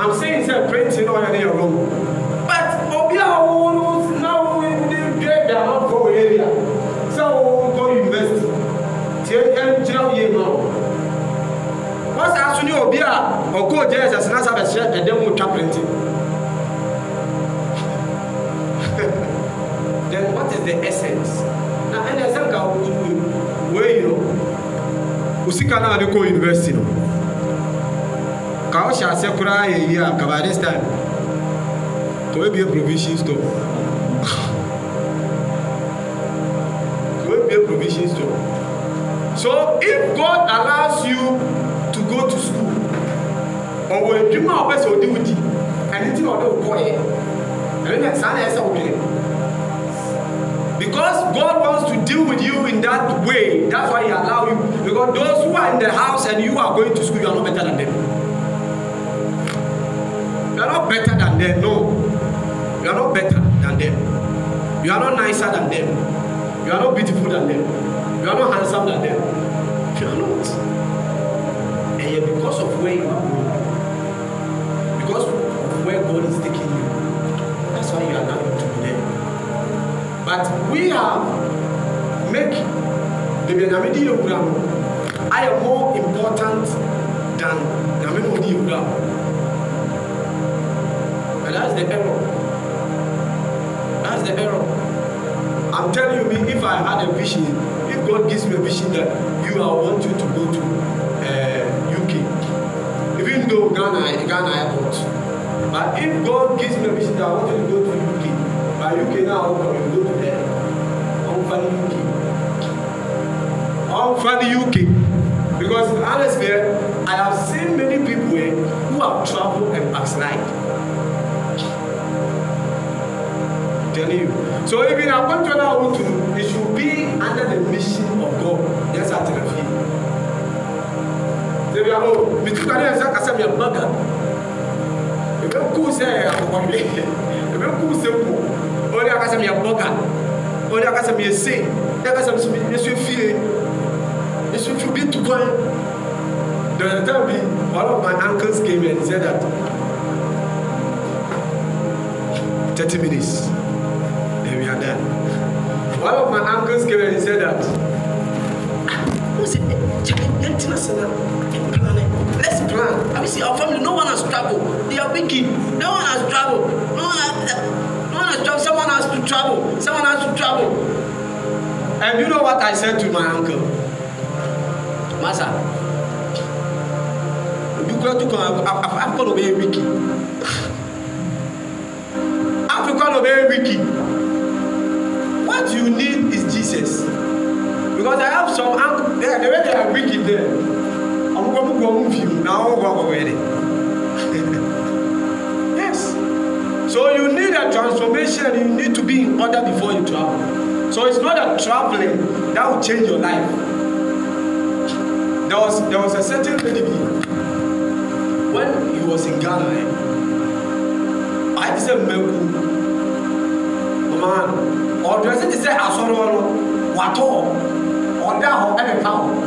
C: I'm saying sɛ printing na ɔyɛ your room, but obi a now we na ɔwɔ ne dua da ɔkɔ wɔ area sɛ ɔwɔ kɔ university tie ɛnkyerɛ yie ma o wɔsa aso ne obi a ɔkɔ ogya yɛ sɛsɛ na sa bɛhyɛ ɛdɛm mu twa printing then what is the essence na ɛna ɛsɛ nka wɔyi no osika naa de kɔ university no ɔhyɛ ase koraa yɛ yie a kabade style to ebie provision store to ebie provision store so if god allows you to go to school ɔwɔ edwuma a ɔbɛ sɛ ɔde wudi ɛne ti na ɔde ɔkɔ yɛ ɛne na saa na ɛsɛ because god wants to deal with you in that way that's why he allow you because those who are in the house and you are going to school you are not better than them. better than them. No. You are not better than them. You are not nicer than them. You are not beautiful than them. You are not handsome than them. You are not. And yet, because of where you are going, because of where God is taking you, that's why you are not to be there. But we have make the Benamidi program I am more important than Namemodi that's the error. That's the error. I'm telling you, if I had a vision, if God gives me a vision that you, are want you to go to uh, UK, even though Ghana, Ghana airport. But if God gives me a vision that I want you to go to UK, by UK now, I you go to there. I'm finding UK. I'm finding UK. Because honestly, I have seen many people eh, who have traveled and backslide. So even I want upon John out to it should be under the mission of God. Yes, I at the feet. They are all between Zakasam and Maga. If you cool say, if you cool simple, or Yakasam your Maga, or Yakasam your say, Yakasam is your fear. It should be to God. There will be one of my uncles came and said that 30 minutes. brand. Who said, Let's plan. I mean, see, our family, no one has traveled. They are wicked. No one has traveled. No one has, uh, no one has traveled. Someone has to travel. Someone has to travel. And you know what I said to my uncle? Masa, you go to come. I've got to be a wicked. order before you travel. So it's not that traveling that will change your life. There was there was a certain lady when he was in Ghana. Eh? I just said Meku, man, or do I say say Asoro Wato or that or any town?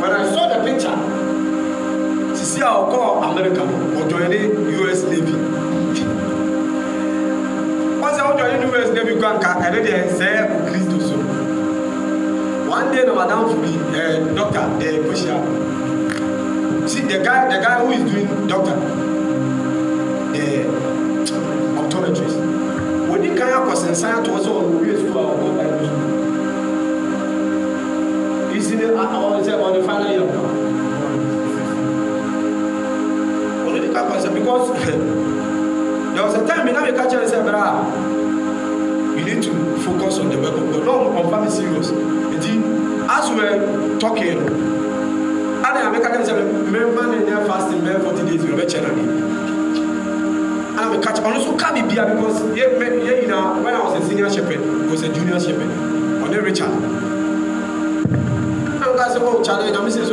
C: When I saw the picture, she see I'll call America. ka ɛno deɛ sɛ kristo so one day na madam fo bi ɛɛ eh, doctor ɛɛ eh, kɔhyia see the guy the guy who is doing doctor ɛɛ eh, optometrist oni kan akɔsensan ato sɛ ɔno owie school a ɔkɔ bible school isi ne ɔn sɛ ɔn ne final year ɔkɔ ɔno de ka because there was a time mi na mi ka kyerɛ sɛ bra we need to focus on the work of God. Lord, I'm very serious. Indeed, as we were talking, ana yà mẹka kẹsẹ mẹma ní ẹni fasting mẹ 40 days mẹ bẹ kyẹn na mi ana mẹ kàtí ọ̀nà so ká mi bia because yẹ mẹ yẹ nyina when I was a senior shepherd I was a junior shepherd ọ̀nà Richard. Ana mẹ kàtí oh, ọ̀ I'm missing.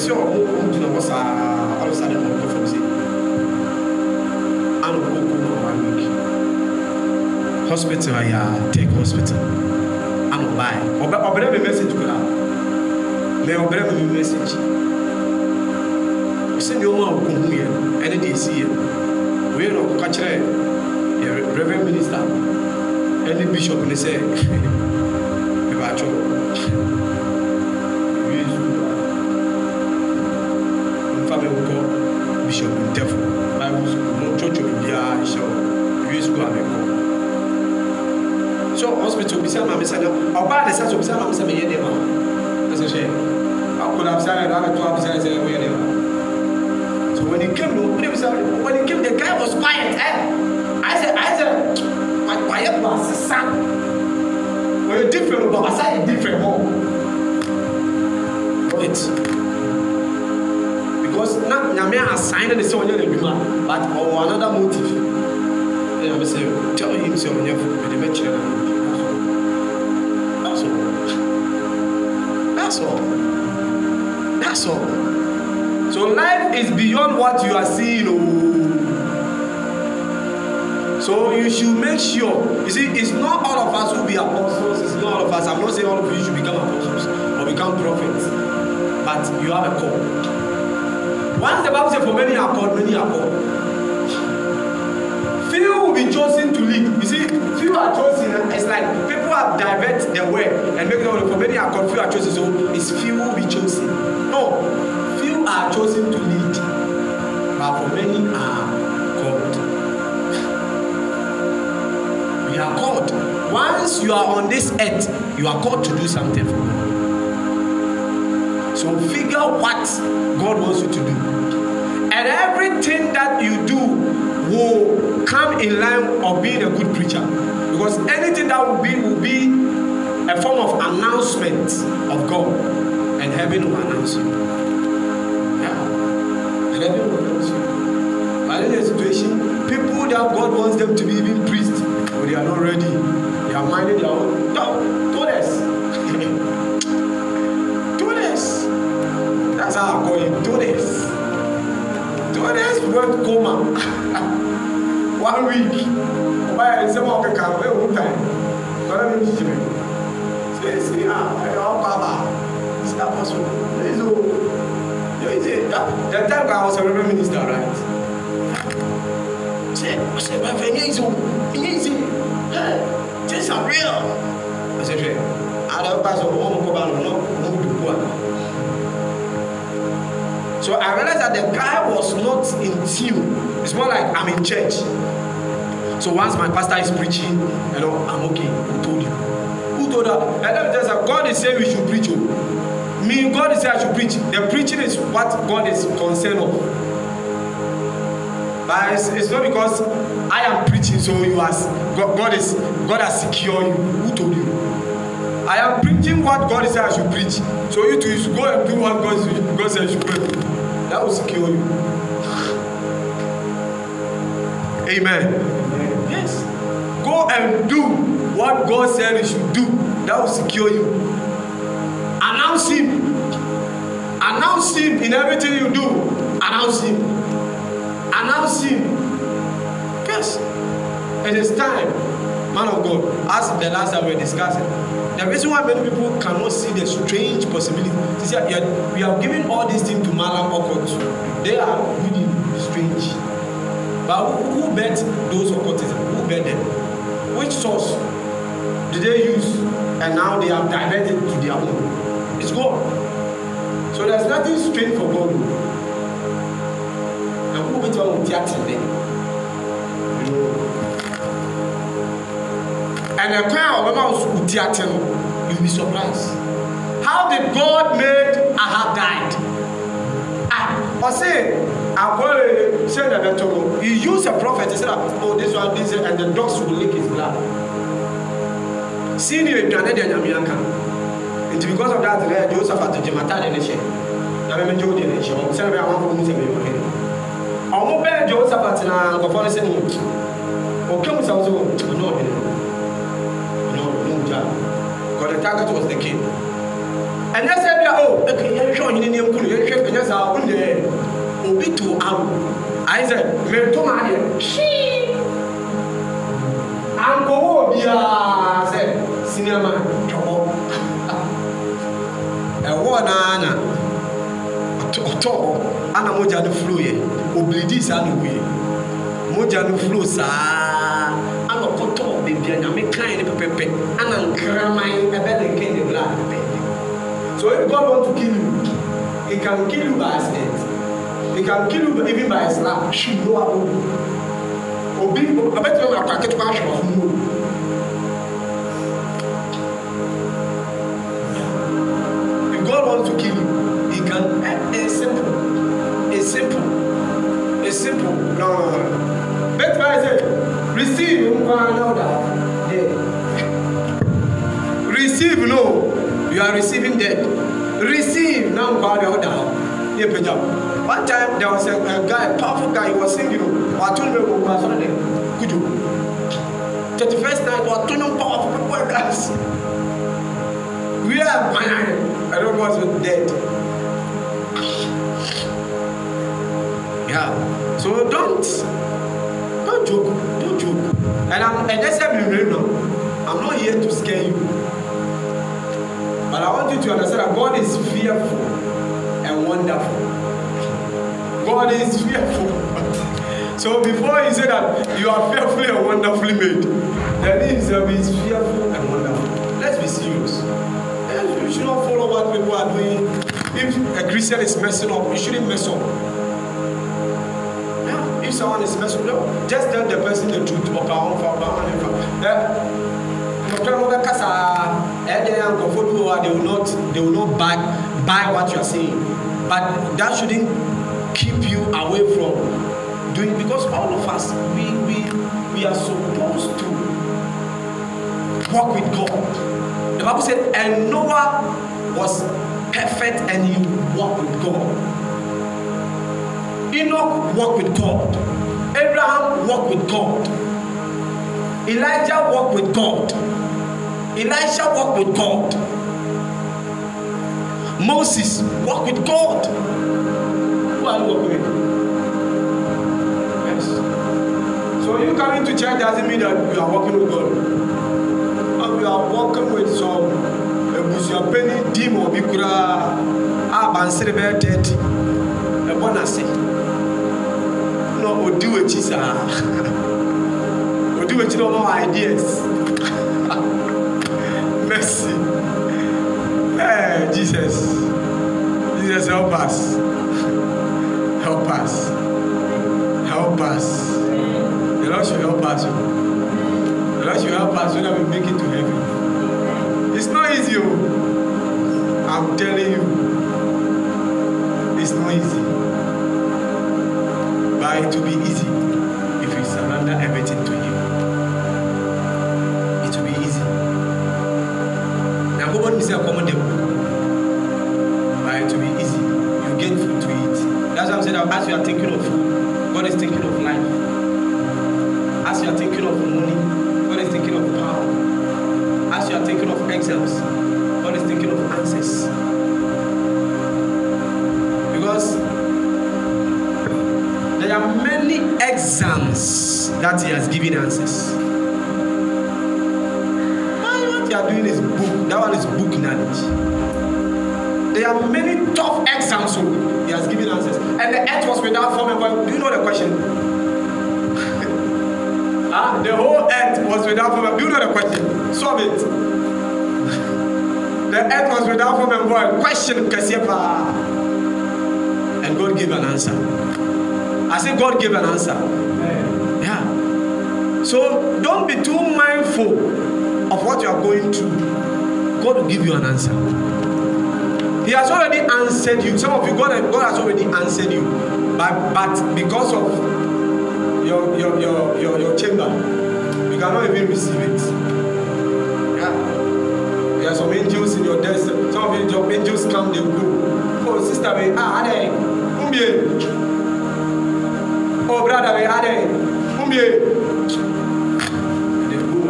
C: ɛsɛ ɔmo gyina hɔ saa ɔresade na ɔmo fam sɛ ana ɔkɔkɔ na ɔmo awiki hospital ayɛ take hospital ana ɔbaa ɔbɛ ɔbɛrɛ mi message kura mɛ ɔbɛrɛ mi message sɛbi ɔmo a ɔkɔ hu yɛ ɛne deɛ esi yɛ oye na ɔkɔ kakyerɛ yɛ reverend minister ɛne bishop ne sɛ ɛbɛ atwere. ihyɛw ntɛfo bible school mu twotwo bibiara ihyɛw wie school abɛkɔ so hospital obisa maame sɛ ɔbaa ne sa so obisa maame sɛ meyɛ deɛ ma ɛsɛ hwɛ akɔla bisa ne abɛto abisa ne sɛ meyɛ deɛ ma so when he came to when he came the guy was quiet eh life is beyond what you are seeing oh. so you should make sure you see it's not all of us who be apostles it's not all of us i'm not saying all of you should become apostles or become prophets but you have a call once the bible say for many are called many are called few will be chosen to lead you see few are chosen it's like people have diverted their way and make them for many are called few are chosen so it's few will be chosen no are chosen to lead, but for many are called. we are called. Once you are on this earth, you are called to do something for God. So figure what God wants you to do. And everything that you do will come in line of being a good preacher. Because anything that will be will be a form of announcement of God, and heaven will announce you. people that God wants them to be even priests, but they are not ready. They are minding their own. No, do this. do this. That's how I'm going. Do this. Do this. We went coma. One week. Why is someone can come? Wait, one time. Don't let me See, see, ah, I don't baba. It's not possible. It's all. Oh. You see, that, that time I was remembering. so I realized that the guy was not in tune. It's more like I'm in church. So once my pastor is preaching, you know, I'm okay. Who told you? Who told her? And then me tell God is saying we should preach. Oh. Me, God is saying I should preach. The preaching is what God is concerned of. But it's, it's not because I am preaching, so you as God, God is God has secured you. Who told you? I am preaching what God said I should preach. So you too, go and do what God, God said you should That will secure you. Amen. Amen. Yes. Go and do what God said you should do. That will secure you. Announce Him. Announce Him in everything you do. Announce Him. It is time, man of God, as the last time we were discussing. The reason why many people cannot see the strange possibility is that we are giving all these things to Malam Okot. They are really strange. But who, who bet those occultism? Who bet them? Which source did they use? And now they have directed to their own. It's God. So there is nothing strange for God. And who bet on theater there? and the kwan a ɔbɛma wo so wo ti you be surprised how did God made Ahab died ah ɔse agbore say na bɛ tɔrɔ he used a prophet he said oh this one this one and the dogs will lick his blood sini eduane de nyamea nka nti because of that ɛɛ Joseph atogye mata de ne hyɛ na mɛmɛ gye o de ne hyɛ ɔmo sɛ ɛbɛ amanfo mu sɛ ɛbɛ yɛ ɔmo bɛɛ Joseph atena nkɔfɔ ne sɛ ne mu mu sɛ target was the king And said, "Oh, okay. o ɛkɛ you ɔnyini ne nkunu yɛnhwɛ ɛnyɛ saa wo ne obi to awo ayɛ sɛ mɛto ma adeɛ hyii ankɔwɔ biara sɛ sinima twɔbɔ ɛwɔ naa na ɔtɔ hɔ ana mogya no furo yɛ obiridi saa na owie mogya no furo saa kraman ɛbɛ de nke ne blood so if God want to kill you he can kill you by accident he can kill you even by slap shoot no abo obi ɔbɛtumi you akɔ aketewa ahwɛ ɔfun mu. If God wants to kill you, He can. It's eh, eh, simple. It's simple. It's simple. No, no, no. That's why I say, receive. You can't you are receiving that. Receive now, God, or down. Yeah, Peter. One time there was a, a guy, a powerful guy, he was singing. you know, I told him, I was on there. Good. 31st night, I told him, powerful people are dancing. We are blind. I don't know what's dead. Yeah. So don't, don't joke, don't joke. And I'm, and that's every now. I'm not here to scare you. want you to understand that God is fearful and wonderful. God is fearful. so before you say that you are fearfully and wonderfully made, then He is fearful and wonderful. Let's be serious. You should not follow what people are doing. If a Christian is messing up, you shouldn't mess up. Yeah. If someone is messing up, just tell the person the truth about our own family. Yeah and uncomfortable they will not they will not buy buy what you are saying. But that shouldn't keep you away from doing because all of us we we we are supposed to work with God. The Bible said, and Noah was perfect and he walked with God. Enoch walked with God. Abraham walked with God. Elijah walked with God. Elijah walked with God. Moses walked with God. Who are you with? Yes. So you coming to church doesn't mean that you are walking with God. And you are walking with some ebusuapeni demon bi koraa a ah, bansere bɛyɛ tɛɛti ɛbɔ n'ase na odi w'akyi saa odi w'akyi na ɔma ideas. us. as you are thinking of, God is thinking of life. As you are thinking of money, God is thinking of power. As you are thinking of exams, God is thinking of access. Because there are many exams that He has given answers. Man, what you are doing is book. That one is book knowledge. There are many tough exams, so he has given answers. And the earth was without form and void. Do you know the question? ah, the whole earth was without form and Do you know the question? Solve it. the earth was without form and void. Question, Kasiepa. And God gave an answer. I said, God gave an answer. Yeah. So don't be too mindful of what you are going through. God will give you an answer. He has already answered you. Some of you, God, God has already answered you. But, but because of your, your, your, your, your chamber, you cannot even receive it. Yeah. There are some angels in your desk. Some of you, your angels come, they go. Oh, sister, we are there. Oh, brother, we are there.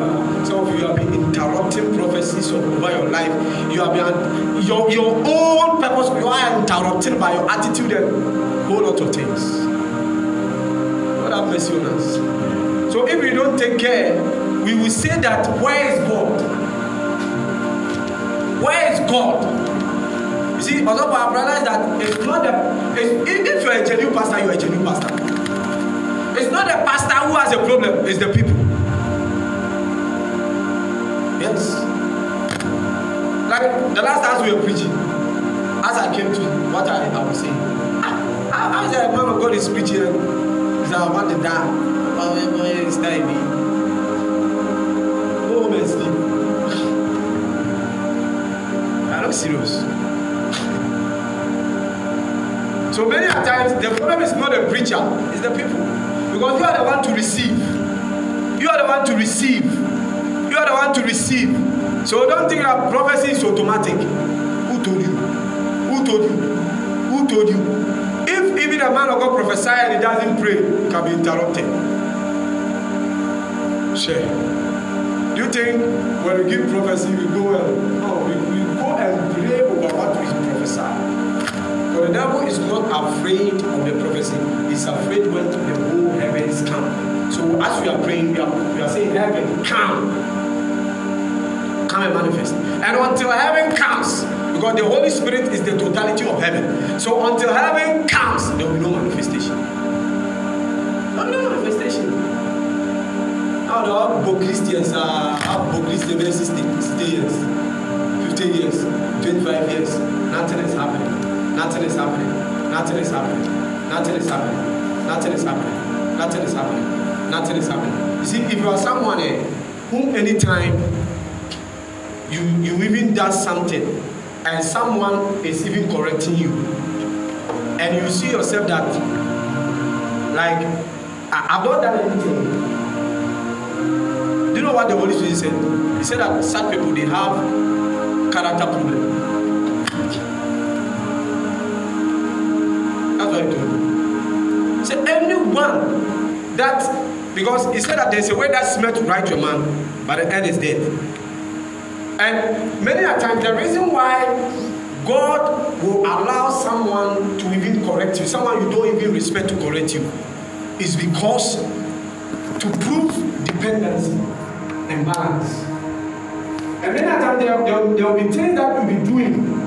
C: Ah. Some of you have been interrupting prophecies over your life. You have been your your own are obtained by your attitude and whole lot of things. God have mercy on us. So if we don't take care, we will say that where is God? Where is God? You see, although I realize that it's not the it's, if you're a genuine pastor, you're a genuine pastor. It's not the pastor who has a problem, it's the people. Yes. Like the last time we were preaching, as I came to what I, I was saying.
D: How
C: is that man of God is preaching? Is that what the dad? Is that me? Oh, man, sleep. I look serious. So many a times the problem is not the preacher, it's the people. Because you are the one to receive. You are the one to receive. You are the one to receive. So don't think that prophecy is automatic told you? If even a man of God prophesies and he doesn't pray, he can be interrupted. Share. Do you think when we give prophecy, we go and oh, we, we go and pray over what we prophesy? But the devil is not afraid of the prophecy, he's afraid when the whole heaven is calm. So as we are praying, we are, we are saying, Heaven, come. Come and manifest. And until heaven because the Holy Spirit is the totality of heaven. So until heaven comes, there will be no manifestation. No, no manifestation. Now there are book Christians, have book Christians 60, years, 50 years, 25 years. Nothing is happening. Nothing is happening. Nothing is happening. Nothing is happening. Nothing is happening. Nothing is happening. Nothing is happening. You see, if you are someone eh, who anytime you you even does something and someone is even correcting you and you see yourself that like I, have not done anything. Do you know what the Holy Spirit said? He said that sad people they have character problem. That's what he told So anyone that because he said that there's a way that smelt right to a man, but the end is dead. And many a time, the reason why God will allow someone to even correct you, someone you don't even respect to correct you, is because to prove dependency and balance. And many a time, there, there, there will be things that you'll be doing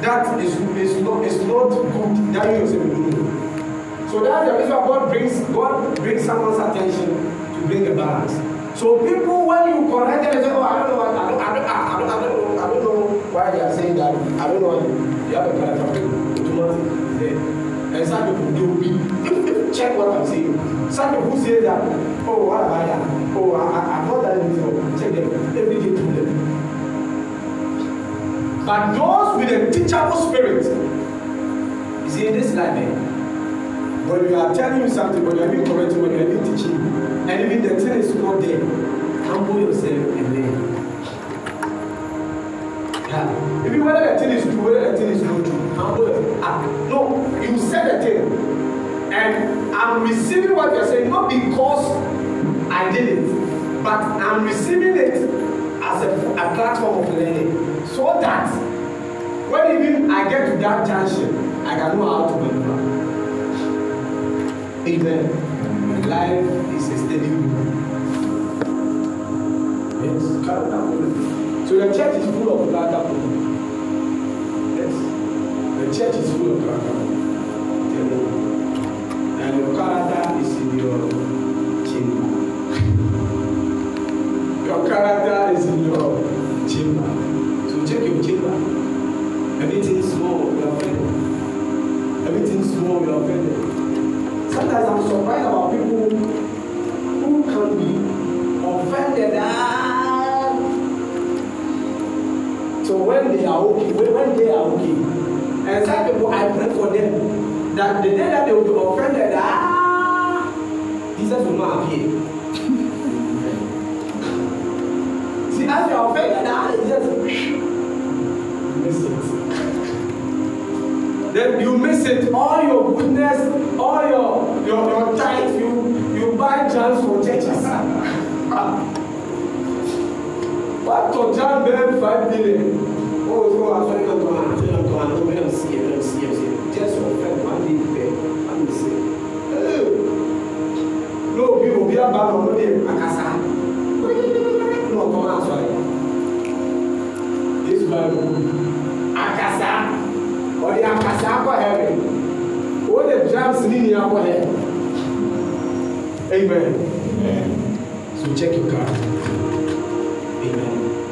C: that is, is, not, is not good that you yourself will do. So that's the reason why God brings God brings someone's attention to bring a balance. So people, when you correct them, they say, "Oh, I don't know what." Ah, I don't, I don't, I don't know why they are saying that. I don't know. You have a kind of Thomas there. And some people they be check what I'm saying. Some people say that, oh, what have I Oh, I, I, that before. Check them. Let me to them. But those with a teachable spirit, you see, in this life, eh, when you are telling you something, when you are being corrected, when you are being teaching, and even the thing is not there, humble yourself and learn. If you whether the thing is true, whether the thing is not true, I'm not. I, ah, no, you said the thing, and I'm receiving what you're saying not because I did it, but I'm receiving it as a, a platform of learning, so that when even I get to that junction, I can know how to maneuver. Amen. Life is a steady wheel. Yes, carry that So the church is full of bladder people church is full of character. And your character is in your chamber. Your character is in your chamber. So check your chamber. Everything small, you are offended. Everything small, you are offended. Sometimes I'm surprised about people who can be offended. Ah, So when they are okay, when they are okay, that the day that they will be offended, ah, Jesus will not appear. See, as you are offended, ah, Jesus. Miss it. Then you miss it. All your goodness, all your your your tithe, you you buy jams for churches. to John then five million. Ó sọ àfẹ́kọ̀tọ̀ àti ọ̀tọ̀ àti ọ̀tọ̀ àti ọ̀tọ̀ sí. akasa lórí àkàsà akasa akọ akọ amen so check your card amen.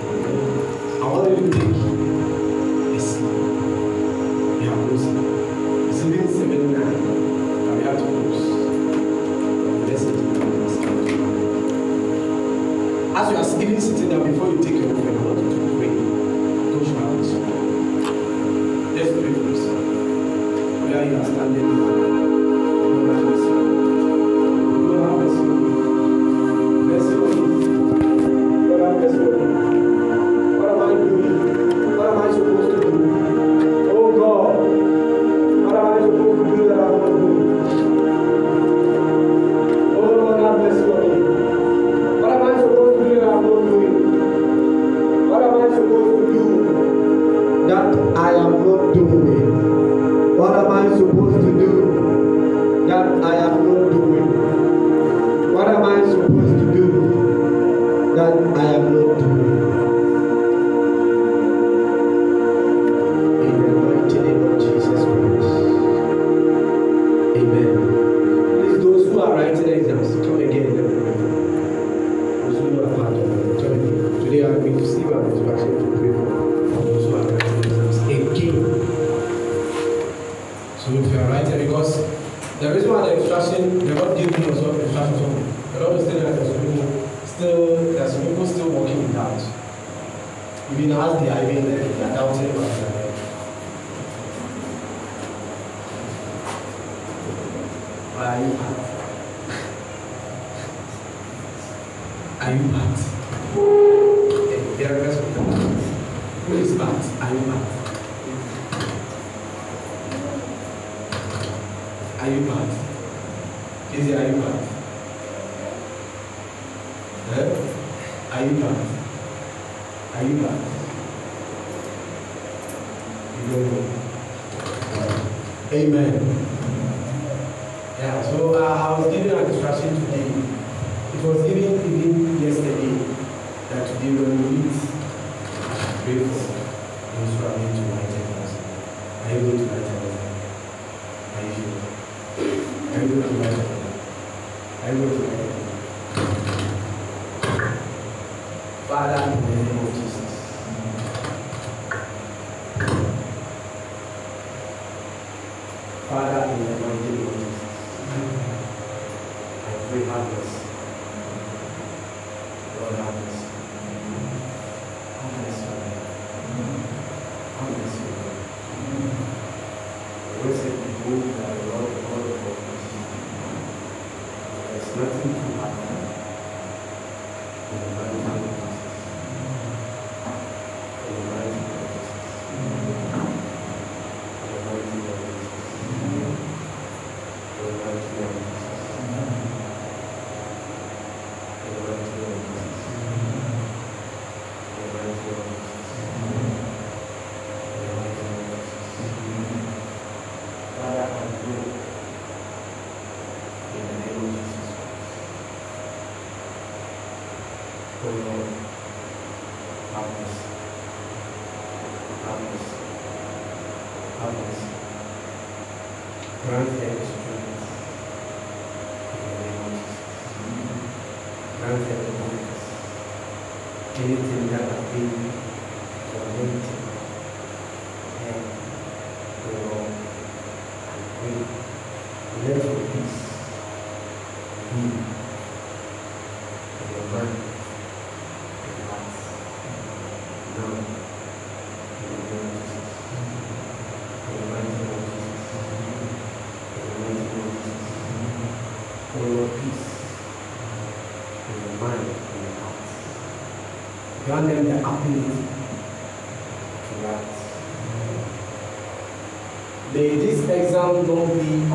C: will go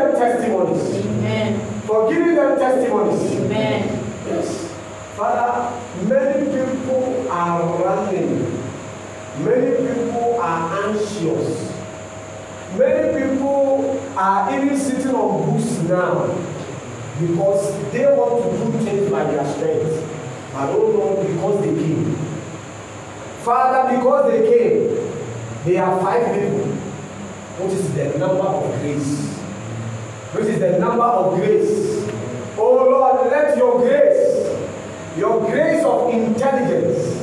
C: them testimonies. Amen. For giving them testimonies. Amen. Yes. Father, many people are running. Many people are anxious. Many people are even sitting on boots now because they want to do things by their strength. I don't know because they came. Father, because they came, they are five people, which is the number of grace. which is the number of grace. Oh Lord, let your grace, your grace of intelligence,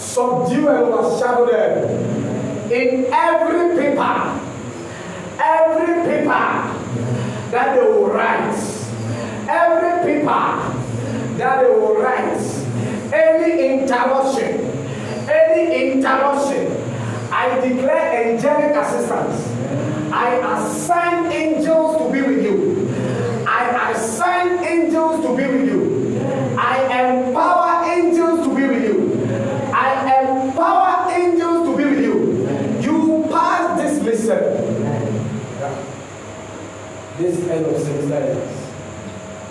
C: subdue and overshadow them in every paper, every paper that they will write, every paper that they will write. Any interruption, any interruption, I declare angelic assistance. I assign angels to be with you. I assign angels to be with you. I empower angels to be with you. I empower angels to be with you. You pass this mission. This end of semester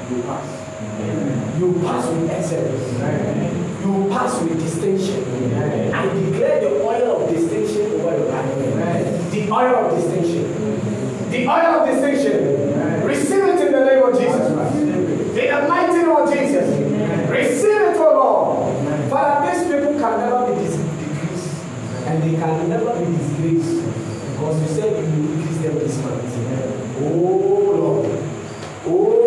C: you pass. You pass with excellence. You pass with distinction. I the oil of distinction. The oil of distinction. Receive it in the name of Jesus Christ. The anointing of Jesus. Receive it, O Lord. Father, these people can never be disgraced. And they can never be disgraced. Because you said you will increase them this month. Oh Lord. Oh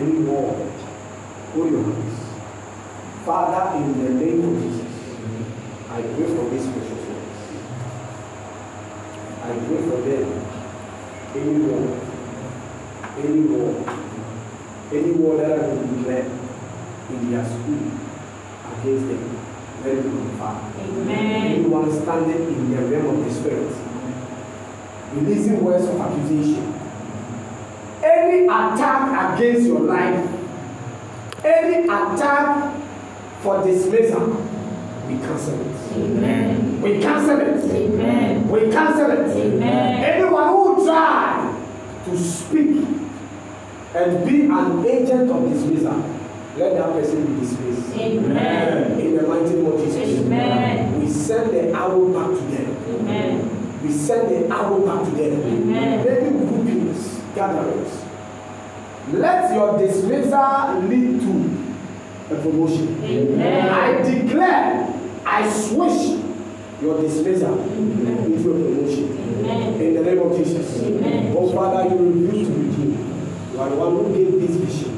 C: anymore. Hold oh, your hands. Father, in the name of Jesus, I pray for these precious ones. I pray for them. Any war, any war, any war that I will declare in their school against them, let it be far. Amen. Anyone standing in the realm of the spirit, releasing words of accusation, attack against your life any attack for dismissal we cancel it. Amen. We cancel it. Amen. We cancel it. Amen. Anyone who try to speak and be an agent of dismissal, let that person be dismissed. Amen. In the mighty name of Jesus. Amen. We send the arrow back to them. Amen. We send the arrow back to them. Amen. Many groupings, gatherings let your dismissal lead to a promotion. Amen. I declare, I switch your dismissal Amen. into a promotion. Amen. In the name of Jesus. Amen. Oh Father, you reveal to me. You are the one who gave this vision.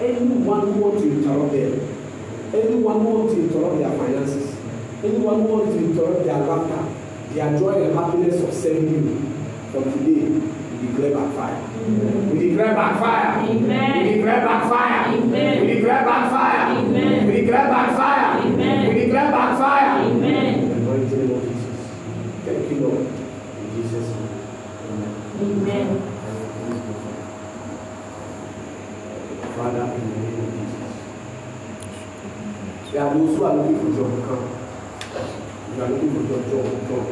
C: Anyone who wants to interrupt them, anyone who wants to interrupt their finances, anyone who wants to interrupt their laughter, their joy and happiness of serving you, from today, you declare by fire. We declare backfire. Amen. We declare backfire. Amen. We declare backfire. Amen. We declare backfire.
B: Amen. We declare backfire. Amen.
D: Thank you, Lord. In Jesus' name. Amen. Amen.
C: Father, in the name of Jesus. There are those who are looking for job. Come. You are looking for job, job, job.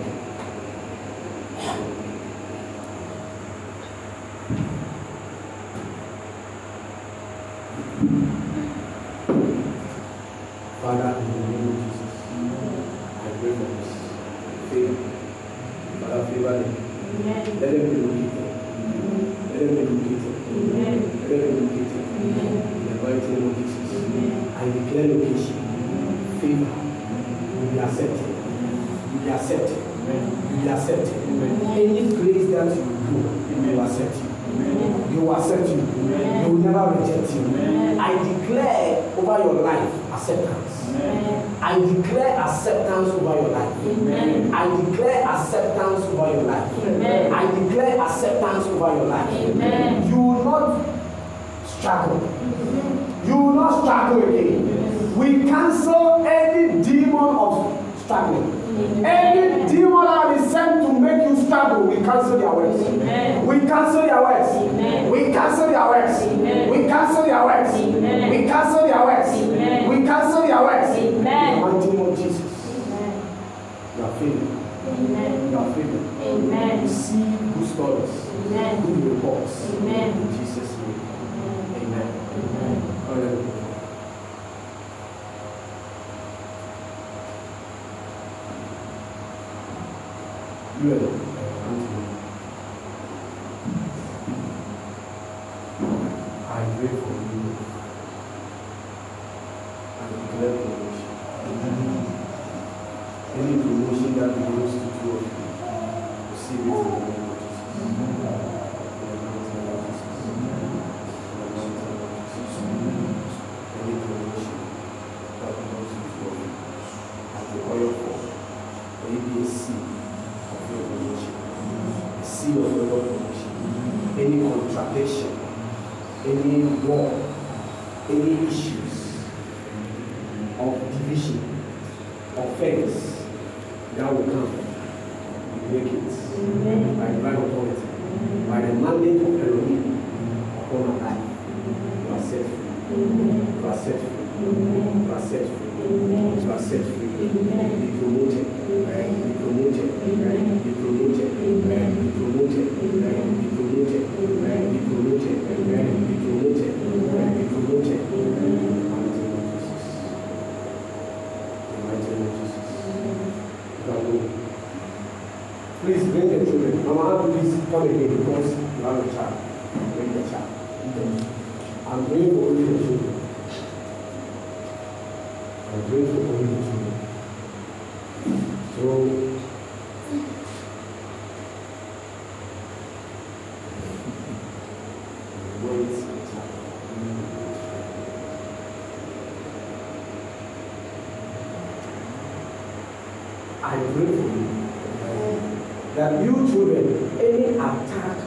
C: that you children, any attack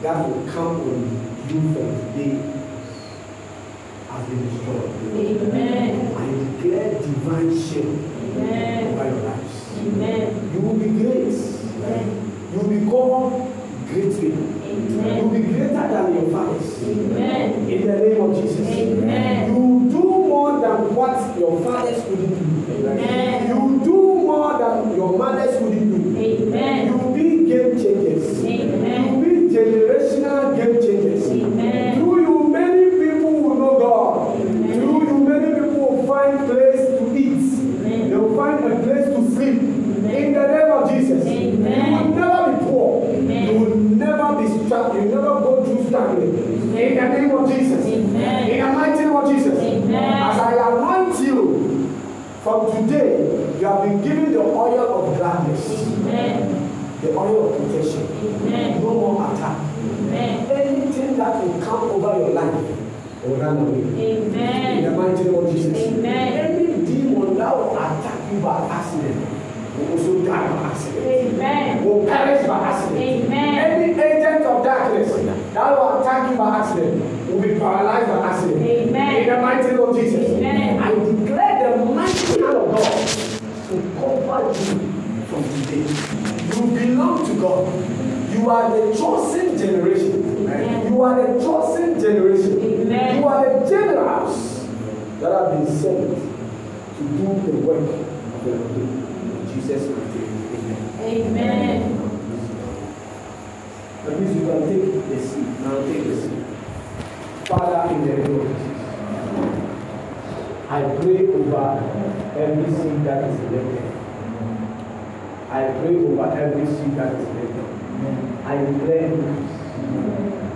C: that will come fulfilled. In Jesus' mighty name, amen. Amen. At least you can take the seat. Now take the seat. Father, in the name of Jesus, I pray over every seat that is elected. I pray over every seat that is elected. I declare increase.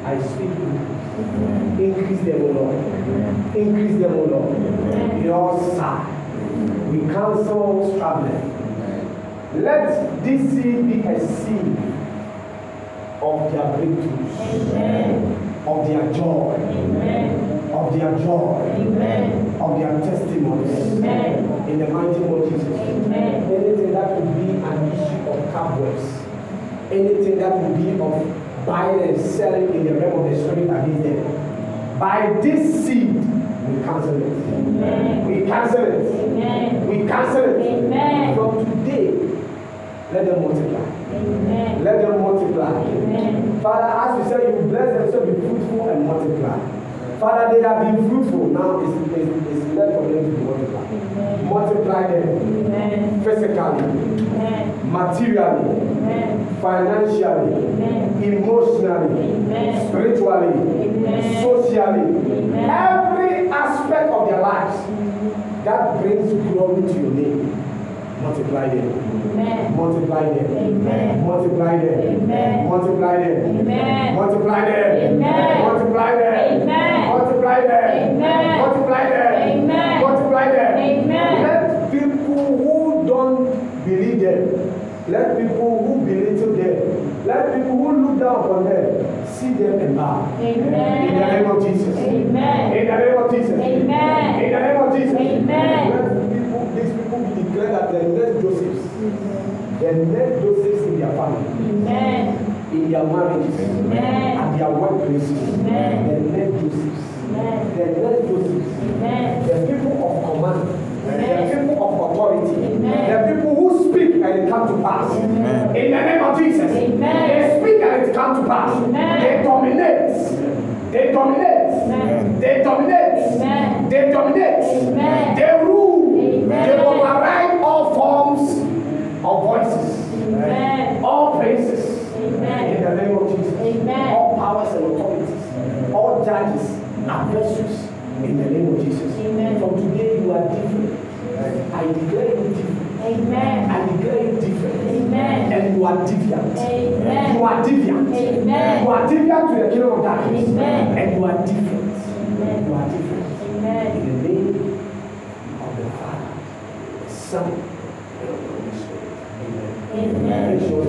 C: I speak increase. Increase them, O Lord. Increase them, O Lord. Your side. We cancel traveling. Let this seed be a seed of their breakthroughs, of their joy, Amen. of their joy, Amen. of their testimonies. Amen. In the mighty name Jesus. Amen. Anything that would be an issue of cobwebs, anything that would be of buying and selling in the realm of the spirit against them, by this seed, cancel it. We cancel it. We cancel it. From today, let them multiply. Amen. Let them multiply. Amen. Father, as you said, you bless them so be fruitful and multiply. Father, they have been fruitful. Now it's, it's, it's left for them to multiply. Amen. Multiply them Amen. physically, Amen. materially, financially, emotionally, spiritually, socially. Every every aspect of their lives that brings glory to your name. Multiply them. Amen. Multiply them. Amen. Multiply them. Amen. Multiply them. Amen. Multiply them. Amen. Multiply
A: them. Amen. Multiply them. Amen. Multiply them. Amen. Multiply them. Amen. Let
C: people who don't believe them, let people who belittle them, let people who look down on them, receive them and bow. Amen. In the name of Jesus. Amen. In the name of Jesus. Amen. In the name of Jesus. Amen. Let people, these people be declared that the next Josephs, the next Josephs in their family. Amen. In their marriages, Amen. And their workplaces, Amen. the next Josephs, Amen. the next Josephs, Amen. the people of command. Amen. the people of authority, Amen. the people who speak and it come to pass. Amen. In the name of Jesus, Amen. they speak and it come to pass. dominate. Amen. They rule. Amen. They override all forms of voices. Amen. All places. Amen. In the name of Jesus. Amen. All powers and authorities. All judges, adversaries. In the name of Jesus. Amen. From today you are different. I declare you different. Amen. I declare you different. Amen. And you are deviant. Amen. You are deviant. Amen. You are deviant to the kingdom of darkness. Amen. And you are
D: different. some.
C: Amen. Amen.